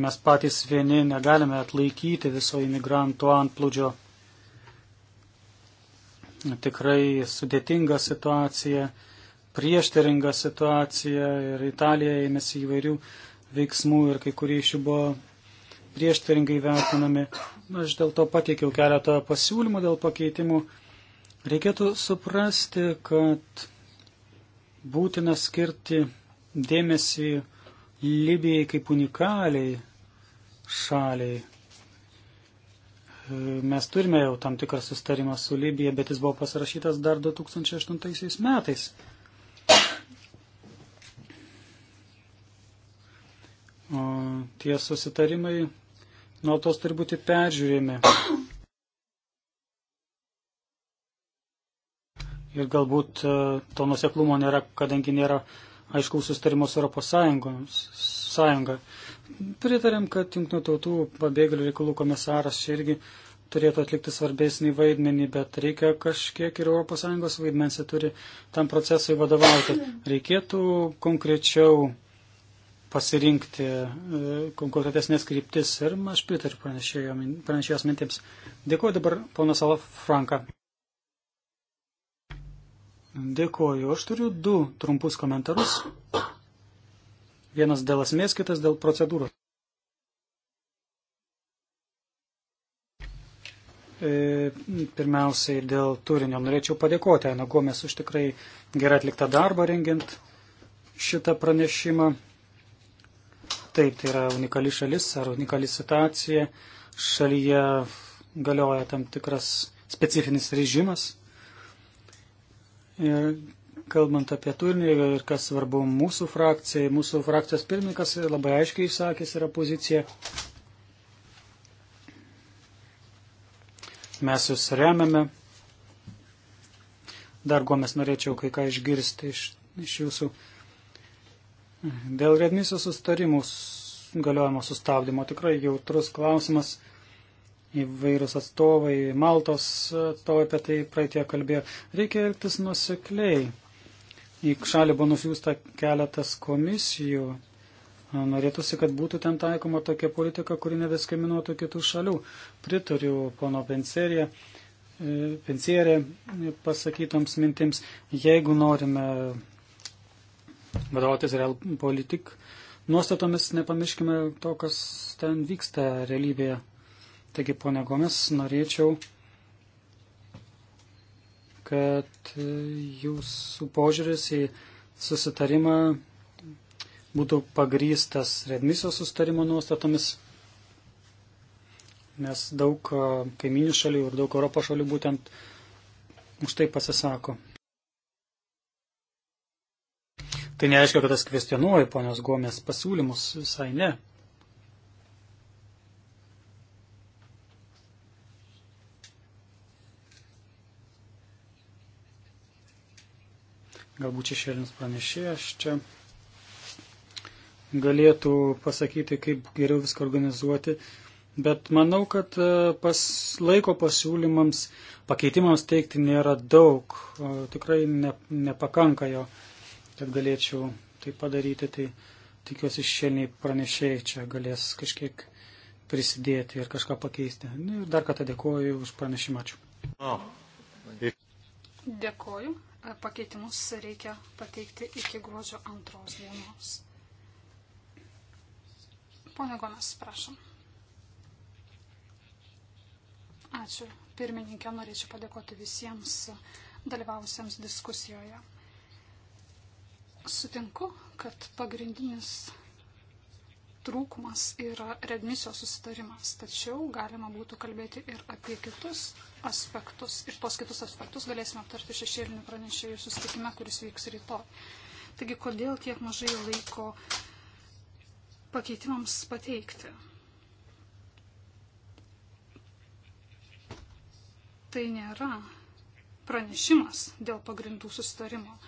Mes patys vieni negalime atlaikyti viso imigrantų antplūdžio. Tikrai sudėtinga situacija, prieštaringa situacija ir Italija ėmėsi įvairių veiksmų ir kai kurie iš jų buvo prieštaringai vertinami. Aš dėl to pateikiau keletą pasiūlymų dėl pakeitimų. Reikėtų suprasti, kad būtina skirti dėmesį Libijai kaip unikaliai šaliai. Mes turime jau tam tikrą sustarimą su Libija, bet jis buvo pasirašytas dar 2008 metais. O tie susitarimai nuolatos turi būti peržiūrimi. Ir galbūt e, to nuseklumo nėra, kadangi nėra aiškaus sustarimo su Europos Sąjunga. Pritarėm, kad Junktinių tautų pabėgėlių reikalų komisaras čia irgi turėtų atlikti svarbesnį vaidmenį, bet reikia kažkiek ir ES vaidmensi turi tam procesui vadovauti. Reikėtų konkrečiau pasirinkti e, konkurentatesnės kryptis ir aš pritariu pranešėjos mintims. Dėkuoju dabar ponas Alaf Franka. Dėkuoju. Aš turiu du trumpus komentarus. Vienas dėl esmės, kitas dėl procedūros. E, pirmiausiai dėl turinio norėčiau padėkoti Ana Gomes už tikrai gerai atliktą darbą rengiant šitą pranešimą. Taip, tai yra unikali šalis ar unikali situacija. Šalyje galioja tam tikras specifinis režimas. Ir kalbant apie turinį ir kas svarbu mūsų frakcijai, mūsų frakcijos pirmininkas labai aiškiai išsakęs yra pozicija. Mes jūs remiame. Dar ko mes norėčiau kai ką išgirsti iš, iš jūsų. Dėl redmisijos sustarimų galiojimo sustabdymo tikrai jautrus klausimas. Įvairūs atstovai, Maltos atstovai apie tai praeitie kalbėjo. Reikia elgtis nusekliai. Į šalį buvo nusiųsta keletas komisijų. Norėtųsi, kad būtų ten taikoma tokia politika, kuri nediskriminuotų kitų šalių. Pritariu pono Penserija e, pensierė e, pasakytoms mintims, jeigu norime vadovautis real politik nuostatomis, nepamirškime to, kas ten vyksta realybėje. Taigi, ponia Gomes, norėčiau, kad jūsų požiūris į susitarimą būtų pagrystas redmisijos sustarimo nuostatomis, nes daug e, kaiminių šalių ir daug Europos šalių būtent už tai pasisako. Tai nereiškia, kad aš kvestionuoju ponios Gomės pasiūlymus, visai ne. Galbūt šešėlinis pranešėjas čia galėtų pasakyti, kaip geriau viską organizuoti. Bet manau, kad e, pas laiko pasiūlymams, pakeitimams teikti nėra daug, e, tikrai ne, nepakanka jo kad galėčiau tai padaryti, tai tikiuosi šiandien pranešėjai čia galės kažkiek prisidėti ir kažką pakeisti. Nu, ir dar kartą dėkuoju už pranešimą. Ačiū. Dėkuoju. Pakeitimus reikia pateikti iki gruodžio antros dienos. Pone Gomes, prašom. Ačiū. Pirmininkė, norėčiau padėkoti visiems dalyvavusiems diskusijoje. Sutinku, kad pagrindinis trūkumas yra redmisijos susitarimas, tačiau galima būtų kalbėti ir apie kitus aspektus. Ir tuos kitus aspektus galėsime aptarti šešėlinių pranešėjų susitikime, kuris vyks rytoj. Taigi, kodėl tiek mažai laiko pakeitimams pateikti? Tai nėra pranešimas dėl pagrindų susitarimo.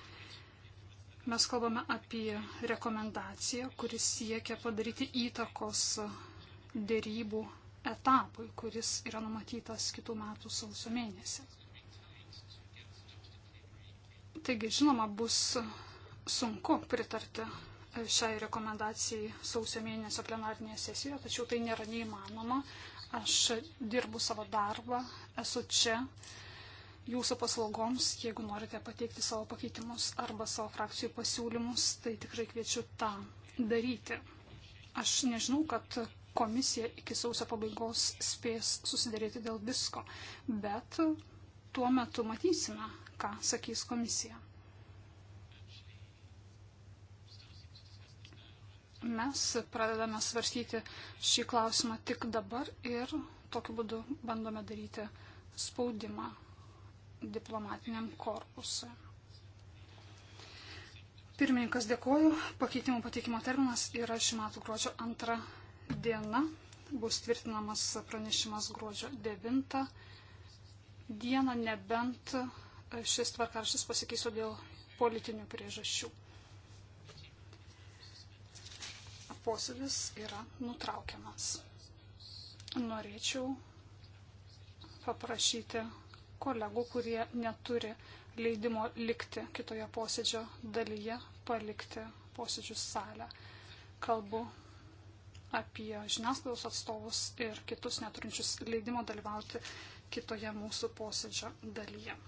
Mes kalbame apie rekomendaciją, kuris siekia padaryti įtakos dėrybų etapui, kuris yra numatytas kitų metų sausio mėnesį. Taigi, žinoma, bus sunku pritarti šiai rekomendacijai sausio mėnesio plenarnėje sesijoje, tačiau tai nėra neįmanoma. Aš dirbu savo darbą, esu čia jūsų paslaugoms. Jeigu norite pateikti savo pakeitimus arba savo frakcijų pasiūlymus, tai tikrai kviečiu tą daryti. Aš nežinau, kad komisija iki sausio pabaigos spės susidėrėti dėl visko, bet tuo metu matysime, ką sakys komisija. Mes pradedame svarstyti šį klausimą tik dabar ir tokiu būdu bandome daryti spaudimą diplomatiniam korpusui. Pirmininkas dėkoju. Pakeitimų pateikimo terminas yra šių metų gruodžio antrą dieną. Bus tvirtinamas pranešimas gruodžio 9 dieną, nebent šis tvarkaršys pasikeiso dėl politinių priežasčių. Posėdis yra nutraukiamas. Norėčiau paprašyti kolegų, kurie neturi leidimo likti kitoje posėdžio dalyje, palikti posėdžių salę. Kalbu apie žiniasklaidos atstovus ir kitus neturinčius leidimo dalyvauti kitoje mūsų posėdžio dalyje.